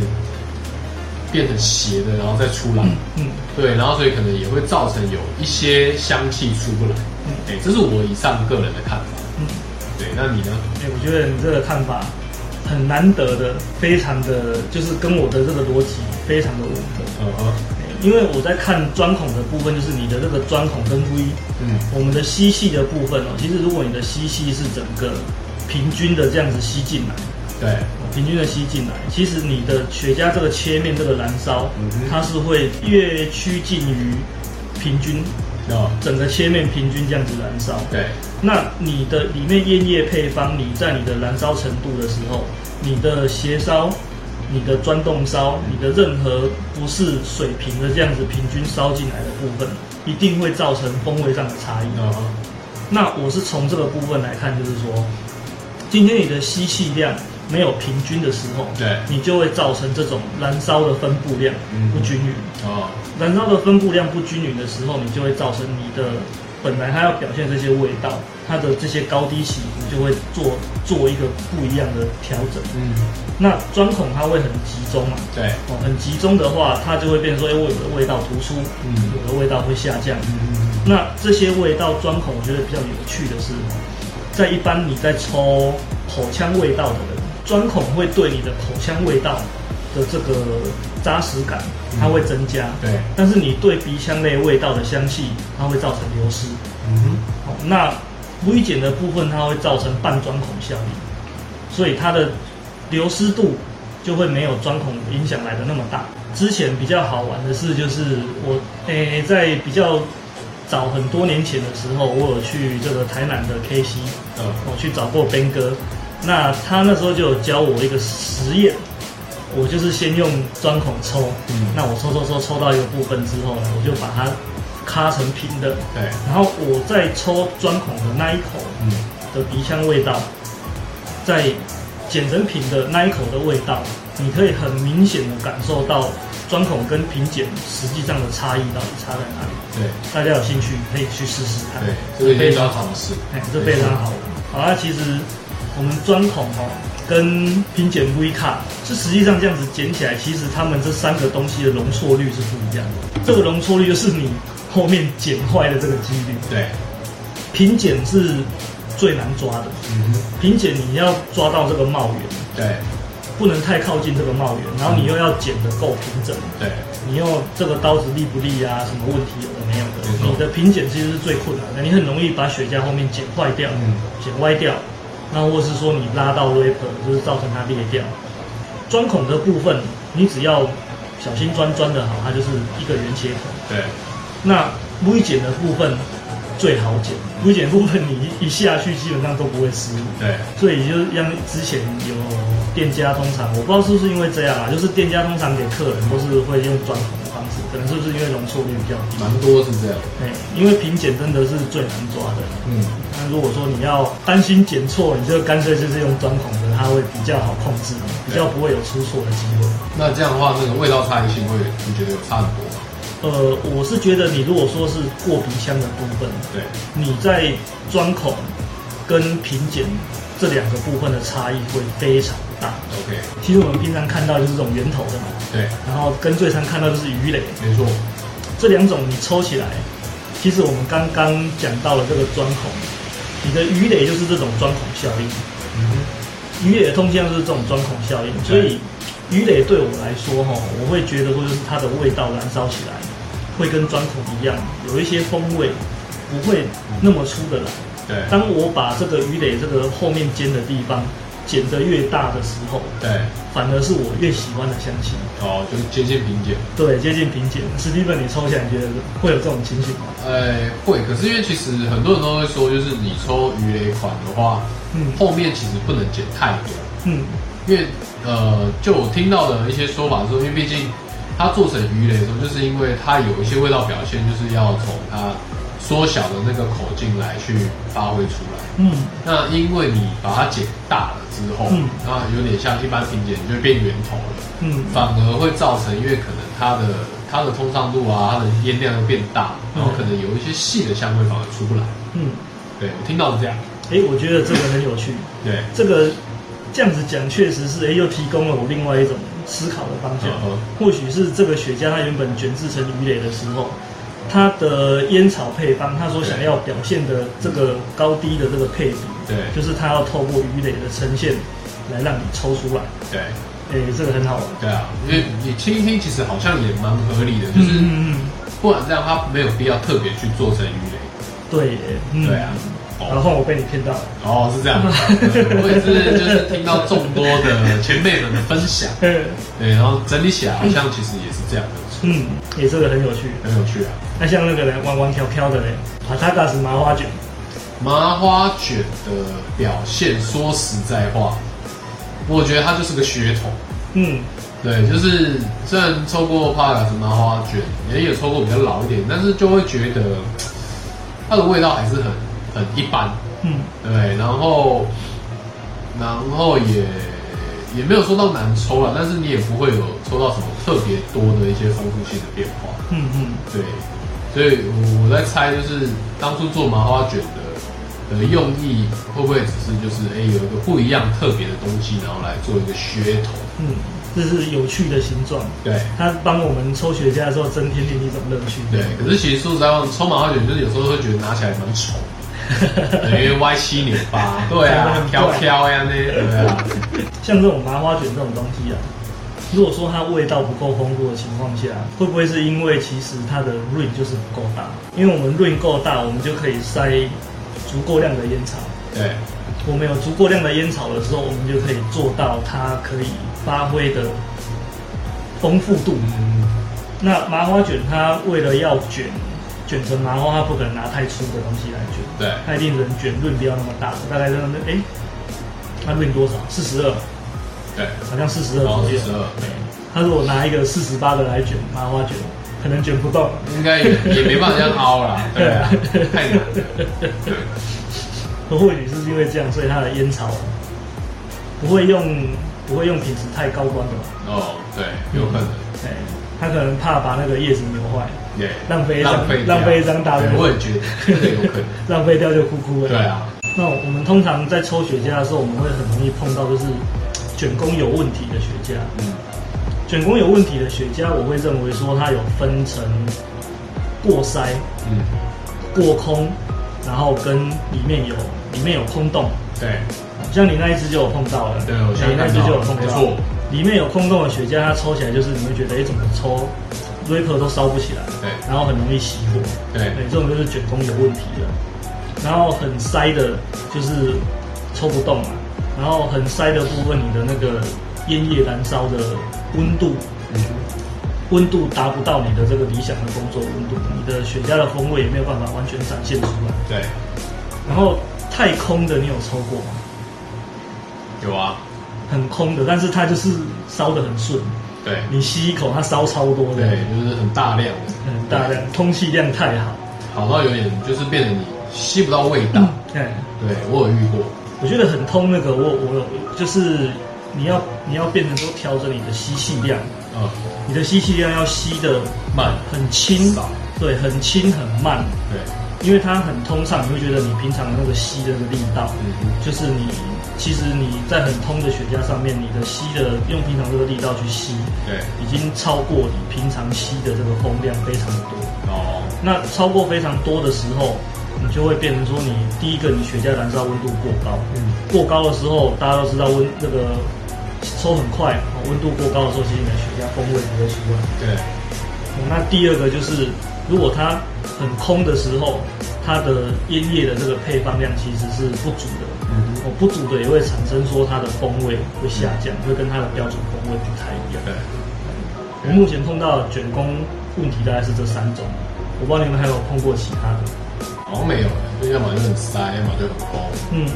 變成斜的，然後再出來，嗯哼，對，然後所以可能也會造成有一些香氣出不來。哎、嗯哼，這是我以上個人的看法。那你呢？哎、欸，我覺得你這個看法很難得的，非常的，就是跟我的這個邏輯非常的吻合。嗯嗯、uh。Huh. 因為我在看鑽孔的部分，就是你的這個鑽孔跟 V，嗯，我們的吸氣的部分哦、喔，其實如果你的吸氣是整個平均的這樣子吸進來，對，平均的吸進來，其實你的雪茄這個切面這個燃燒，嗯、哼它是會越趨近於平均。Uh huh. 整個切面平均這樣子燃燒，對。那你的裡面菸葉配方，你在你的燃燒程度的時候，你的斜燒、你的鑽洞燒、你的任何不是水平的這樣子平均燒進來的部分，一定會造成風味上的差異。哦、uh。Huh. 那我是從這個部分來看，就是說，今天你的吸氣量沒有平均的時候，對、uh，huh. 你就會造成這種燃燒的分布量不均勻。哦、uh。Huh. Uh huh. 燃燒的分布量不均勻的時候，你就會造成你的本來它要表現這些味道，它的這些高低起伏就會做做一個不一樣的調整。嗯，那鑽孔它會很集中嘛？對，哦，很集中的話，它就會變成因為有的味道突出，嗯，有的味道會下降。嗯，那這些味道鑽孔，我覺得比較有趣的是，在一般你在抽口腔味道的人，鑽孔會對你的口腔味道的這個。紮實感，它會增加，嗯、對。但是你對鼻腔內味道的香氣，它會造成流失。嗯哼、哦，那 V 剪的部分，它會造成半鑽孔效應，所以它的流失度就會沒有鑽孔影響來的那麼大。之前比較好玩的事就是，我誒、欸、在比較早很多年前的時候，我有去這個台南的 K C，嗯，我、哦、去找過斌哥，那他那時候就有教我一個實驗。我就是先用鑽孔抽，嗯，那我抽抽抽抽到一個部分之後呢，我就把它咔成平的，對，然後我再抽鑽孔的那一口，的鼻腔味道，嗯、再剪成平的那一口的味道，你可以很明顯的感受到鑽孔跟平剪實際上的差異到底差在哪裡。對，大家有興趣可以去試試看。對，這是非常好的事，哎對，對這非常好的。好，那其實我們鑽孔、喔跟平剪微卡是實際上這樣子剪起來，其實他們這三個東西的容錯率是不一樣的。這個容錯率就是你後面剪壞的這個幾率。對，平剪是最難抓的。嗯平哼剪你要抓到這個帽緣。對。不能太靠近這個帽緣，對然後你又要剪得夠平整。對、嗯。你又這個刀子利不利啊？什麼問題有的沒有的？錯你的平剪其實是最困難的，你很容易把雪茄後面剪壞掉，嗯、剪歪掉。那或是說你拉到 wrapper 就是造成它裂掉。鑽孔的部分，你只要小心鑽鑽的好，它就是一個圓切口。對，那微剪的部分最好剪。微剪、嗯、部分你一一下去基本上都不會失誤。對，所以就是像之前有店家，通常我不知道是不是因為這樣啊，就是店家通常給客人都是會用鑽孔。可能是不是因為容錯率比較低？蠻多是這樣，是不是？對，因為平剪真的是最難抓的。嗯，那如果說你要擔心剪錯，你就乾脆就是用鑽孔的，它會比較好控制，對比較不會有出錯的機會。那這樣的話，那個味道差異性會對你覺得有差很多嗎？呃，我是覺得你如果說是過鼻腔的部分，對，你在鑽孔跟平剪這兩個部分的差異會非常。OK，其實我們平常看到就是這種圓頭的嘛，對，然後跟最常看到就是魚雷，沒錯，這兩種你抽起來，其實我們剛剛講到了這個鑽孔，你的魚雷就是這種鑽孔效應，嗯哼，魚雷的通向就是這種鑽孔效應，嗯、哼所以魚雷對我來說哈，Okay. 我會覺得說就是它的味道燃燒起來，會跟鑽孔一樣有一些風味，不會那麼粗的來、嗯、對，當我把這個魚雷這個後面尖的地方。剪得越大的時候，對，反而是我越喜歡的香氣哦，就是接近平剪。對，接近平剪。Steven，你抽起來覺得會有這種情形嗎？哎、欸，會。可是因為其實很多人都會說，就是你抽魚雷款的話，嗯，後面其實不能剪太多，嗯，因為呃，就我聽到的一些說法說，因為畢竟它做成魚雷的時候，就是因為它有一些味道表現，就是要從它。縮小的那個口徑來去發揮出來，嗯，那因為你把它剪大了之後，嗯，那有點像一般平剪就變圓頭了，嗯，反而會造成因為可能它的它的通暢度啊，它的煙量又變大，嗯、然後可能有一些細的香味反而出不來，嗯，對，我聽到是這樣。哎、欸，我覺得這個很有趣，對，這個這樣子講確實是，哎、欸，又提供了我另外一種思考的方向，好好，或許是這個雪茄它原本捲製成魚雷的時候，他的煙草配方，他所想要表現的這個高低的這個配比，對，就是他要透過魚雷的呈現來讓你抽出來。對，哎，這個很好玩。對啊，因為你聽一聽其實好像也蠻合理的，嗯、就是不然這樣，他沒有必要特別去做成魚雷。對耶。嗯、對啊。然後我被你騙到了。哦，是這樣的、 嗯。我也是，就是聽到眾多的前輩們的分享， 對，然後整理起來，好像其實也是這樣的。嗯，也這個很有趣，很有趣啊！那、啊、像那個嘞，彎彎飄飄的嘞，帕薩卡斯麻花捲，麻花捲的表現，說實在話，我覺得它就是個噱頭。嗯，對，就是雖然抽過帕薩卡麻花捲，也有抽過比較老一點，但是就會覺得它的味道還是很很一般。嗯，對，然後，然後也。也沒有說到難抽啊，但是你也不會有抽到什麼特別多的一些豐富性的變化。嗯嗯，嗯對，所以我在猜，就是當初做麻花卷的呃用意，會不會只是就是哎、欸、有一個不一樣特別的東西，然後來做一個噱頭？嗯，這是有趣的形狀。對，它幫我們抽雪茄的時候增添另一種樂趣。對，可是其實說實在話，抽麻花卷就是有時候會覺得拿起來蠻醜 等於歪七扭八，對啊，飄飄那些對啊。 像這種麻花卷這種東西啊，如果說它味道不夠豐富的情況下，會不會是因為其實它的潤就是不夠大？因為我們潤夠大，我們就可以塞足夠量的煙草。對，我們有足夠量的煙草的時候，我們就可以做到它可以發揮的豐富度。嗯，那麻花卷它為了要卷。卷成麻花，它不可能拿太粗的東西來卷，對，一定能卷潤不要那麼大了，大概是哎，它、欸、潤、啊、多少？四十二，對，好像四十二左右。四十二，對。他如果拿一個四十八的來卷麻花卷，可能卷不動。應該也也沒辦法這樣凹、 啊、了，對，太難了。他或許是因為這樣，所以它的菸草不會用，不會用品質太高端的。哦，oh, 對，有可能、嗯。對，他可能怕把那個葉子扭壞。浪費一張，浪費一張大。我也覺得浪費掉就哭哭了。對啊，那我們通常在抽雪茄的時候，我們會很容易碰到就是捲工有問題的雪茄。嗯，捲工有問題的雪茄，我會認為說它有分成過塞、嗯、過空，然後跟裡面有裡面有空洞。對，像你那一支就有碰到了。對，我像你那一支就有碰到，裡面有空洞的雪茄，它抽起來就是你會覺得，哎，怎麼抽？r i p p e r 都燒不起來，對，然後很容易熄火，對，哎，這種就是捲工有問題了。然後很塞的，就是抽不動嘛。然後很塞的部分，你的那個菸葉燃燒的溫度，溫、嗯嗯、度達不到你的這個理想的工作溫度，你的雪茄的風味也沒有辦法完全展現出來。對。然後太空的你有抽過嗎？有啊。很空的，但是它就是燒得很順。對，你吸一口，它燒超多的，對，對，就是很大量很大量，對通氣量太好，好到有點就是變得你吸不到味道。嗯、對對我有遇過，我覺得很通那個，我我有就是你要你要變成說調整你的吸氣量，嗯、啊，你的吸氣量要吸的慢，很輕，的對，很輕很慢，對，因為它很通暢，你會覺得你平常那個吸的那個力道，嗯哼，就是你。其實你在很通的雪茄上面，你的吸的用平常這個力道去吸，對，已經超過你平常吸的這個風量非常的多。哦，oh. 那超過非常多的時候，你就會變成說你第一個，你雪茄燃燒溫度過高。嗯。過高的時候，大家都知道溫那個抽很快，溫度過高的時候，其實你的雪茄風味就會出來。對。那第二個就是，如果它很空的時候，它的煙葉的這個配方量其實是不足的。我、嗯、不足的也會產生說它的風味會下降，就、嗯、跟它的標準風味不太一樣。對。哎、嗯，我目前碰到捲工問題大概是這三種，我不知道你們還有碰過其他的？好像、哦、沒有，要麼就很塞，要麼就很包。嗯。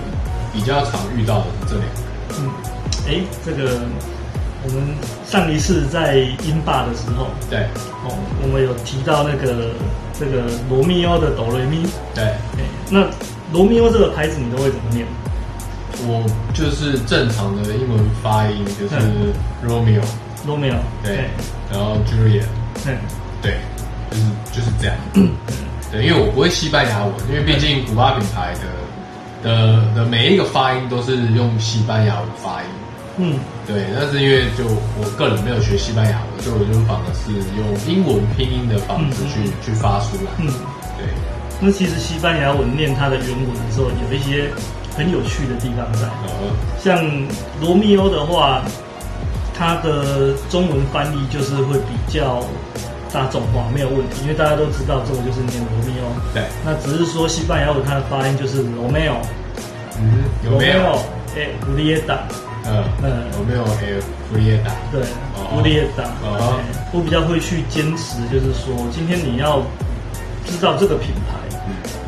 比較常遇到的這兩個。嗯。哎、欸，這個，我們上一次在英霸的時候。對。哦、嗯，我們有提到那個這個羅密歐的哆瑞咪。對。欸、那。羅密歐這個牌子，你都會怎麼念？我就是正常的英文發音，就是 Romeo，Romeo、嗯、對，嗯、然後 Julia，嗯，對，就是就是這樣，嗯、對，因為我不會西班牙文，因為畢竟古巴品牌的對的的每一個發音都是用西班牙文發音，嗯，對，但是因為就我個人沒有學西班牙文，所以我就反而是用英文拼音的方式去嗯嗯去發出來。嗯那其實西班牙文念它的原文的時候，有一些很有趣的地方在。哦。像羅密歐的話，它的中文翻譯就是會比較大眾化，沒有問題，因為大家都知道這個就是念羅密歐。對。那只是說西班牙文它的發音就是羅密歐。嗯，有沒有嗯羅密歐，哎誒，烏列達。嗯那誒羅密歐，哎誒，烏列達。對，烏列達。啊誒。哦。我比較會去堅持，就是說今天你要知道這個品牌。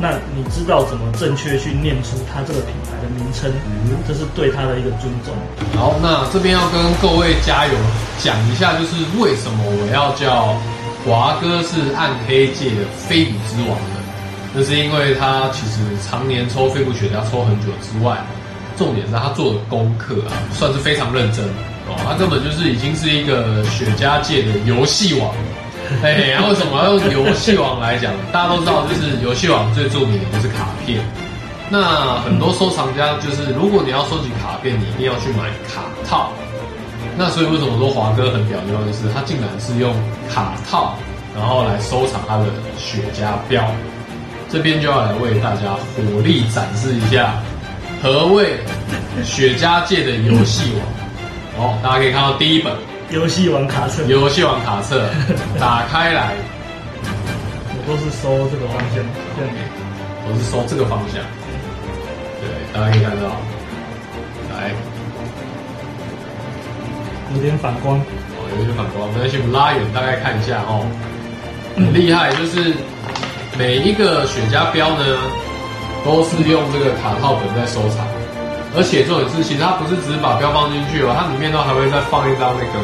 那你知道怎麼正確去念出他這個品牌的名稱，嗯嗯這是對他的一個尊重。好，那這邊要跟各位茄友講一下，就是為什麼我要叫滑哥是暗黑界的飛步之王呢，那、嗯嗯、是因為他其實常年抽飛步雪茄抽很久之外，重點是他做的功課啊，算是非常認真哦。他根本就是已經是一個雪茄界的遊戲王。哎，然後、欸啊、為什麼要用遊戲王來講？大家都知道，就是遊戲王最著名的就是卡片。那很多收藏家，就是如果你要收集卡片，你一定要去買卡套。那所以為什麼說華哥很屌的就是他竟然是用卡套，然後來收藏他的雪茄標。這邊就要來為大家火力展示一下，何謂雪茄界的遊戲王。哦，大家可以看到第一本。遊戲王卡冊，遊戲王卡冊， 打開來。我都是收這個方向，下面，我是收這個方向。對，大家可以看到，來，有點反光。哦，有點反光，那我們拉遠，大概看一下哦。很厲害，就是每一個雪茄標呢，都是用這個卡套本在收藏。而且重點是，其實它不是只是把標放進去哦，它裡面都還會再放一張那個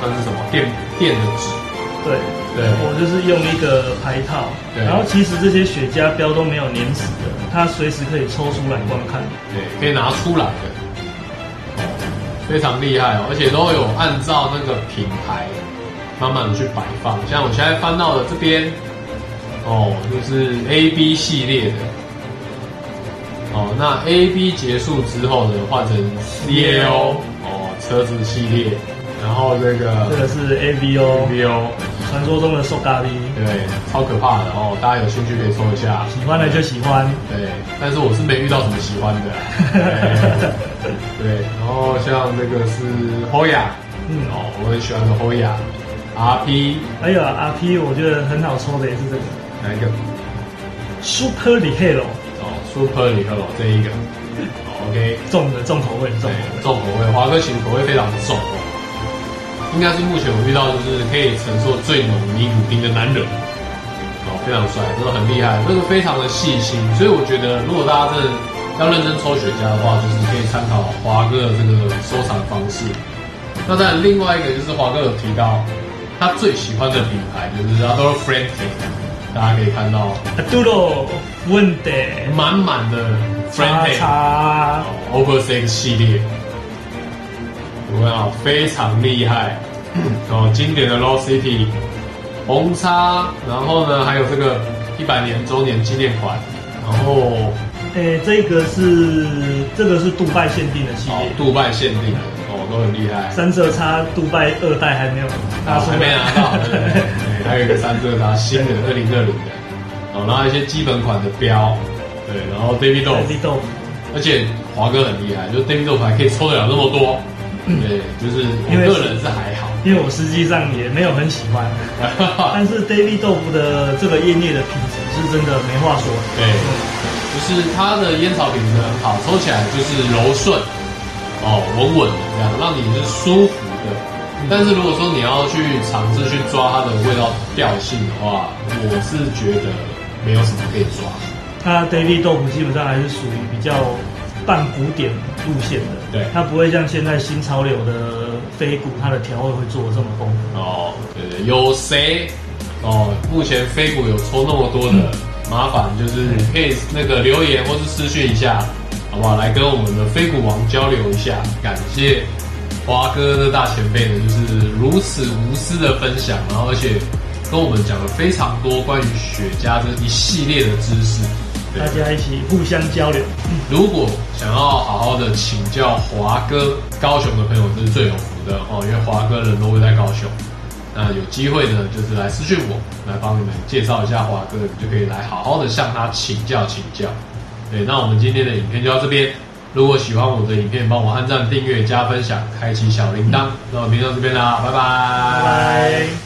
它是什麼墊墊的紙。對對，對我就是用一個牌套。對。然後其實這些雪茄標都沒有粘死的，對對對它隨時可以抽出來觀看。對，可以拿出來的。哦，非常厲害哦，而且都有按照那個品牌慢慢的去擺放。像我現在翻到的這邊，哦，就是 A B 系列的。哦，那 A B 結束之後呢，換成 C L 哦，車子系列，然後這個這個是 A B O，B O，傳說中的瘦咖喱，對，超可怕的，哦，大家有興趣可以抽一下，對對喜歡的就喜歡，對，但是我是沒遇到什麼喜歡的， 對，對，然後像這個是 Hoya，嗯哦，我很喜歡的 Hoya，R P，哎呀、啊、R P，我覺得很好抽的也是這個，哪一個？Super Hero。R H L Oh, super n i c o l 這一個，OK，重的，重口味重，重口味。華、yeah, 哥其實口味非常的重，應該是目前我遇到就是可以承受最濃尼古丁的男人，oh, 非常帥。這個很厲害，都、就是非常的細心。所以我覺得如果大家是要認真抽雪茄的話，就是可以參考華哥的這個收藏方式。那再來另外一個就是華哥有提到，他最喜歡的品牌、嗯、就是 u n f r a n k 大家可以看到，Arturo Fuente 的滿滿的 Fuente Fuente 三叉 OpusX 系列，我們啊非常厲害、嗯、哦，經典的 Lost City 紅叉，然後呢還有這個一百年周年紀念款，然後哎、欸，這個是這個是杜拜限定的系列，哦、杜拜限定的哦都很厲害，三色叉杜拜二代還沒有，還沒有。還有一個三哥他新的二零二零的，哦，然後一些基本款的標，對，然後 Davidoff，Davidoff，而且華哥很厲害，就是 Davidoff 還可以抽得了那麼多，嗯、對，就是我個人是還好，因為，因為我實際上也沒有很喜歡， 但是 Davidoff 的這個葉葉的品質是真的沒話說的，對，就是它的菸草品質很好，抽起來就是柔順，哦，穩穩的這樣，讓你是舒服。但是如果說你要去嘗試去抓它的味道調性的話，我是覺得沒有什麼可以抓。它的 daily 腐基本上還是屬於比較半古典路線的，對，它不會像現在新潮流的飛谷，它的調味會做的這麼豐富。哦，對對，有誰？哦，目前飛谷有抽那麼多的、嗯、麻煩，就是可以那個留言或是私訊一下，好不好？嗯、來跟我們的飛谷王交流一下，感謝。華哥的大前輩呢，就是如此無私的分享，然後而且跟我們講了非常多關於雪茄這一系列的知識，大家一起互相交流。 如果想要好好的請教華哥，高雄的朋友這是最有福的哦，因為華哥人都會在高雄，那有機會呢，就是來私訊我，來幫你們介紹一下華哥，你就可以來好好的向他請教請教。對，那我們今天的影片就到這邊。如果喜歡我的影片，幫我按贊、訂閱、加分享、開啟小鈴鐺。嗯、那我頻到這邊啦，拜拜。拜拜拜拜。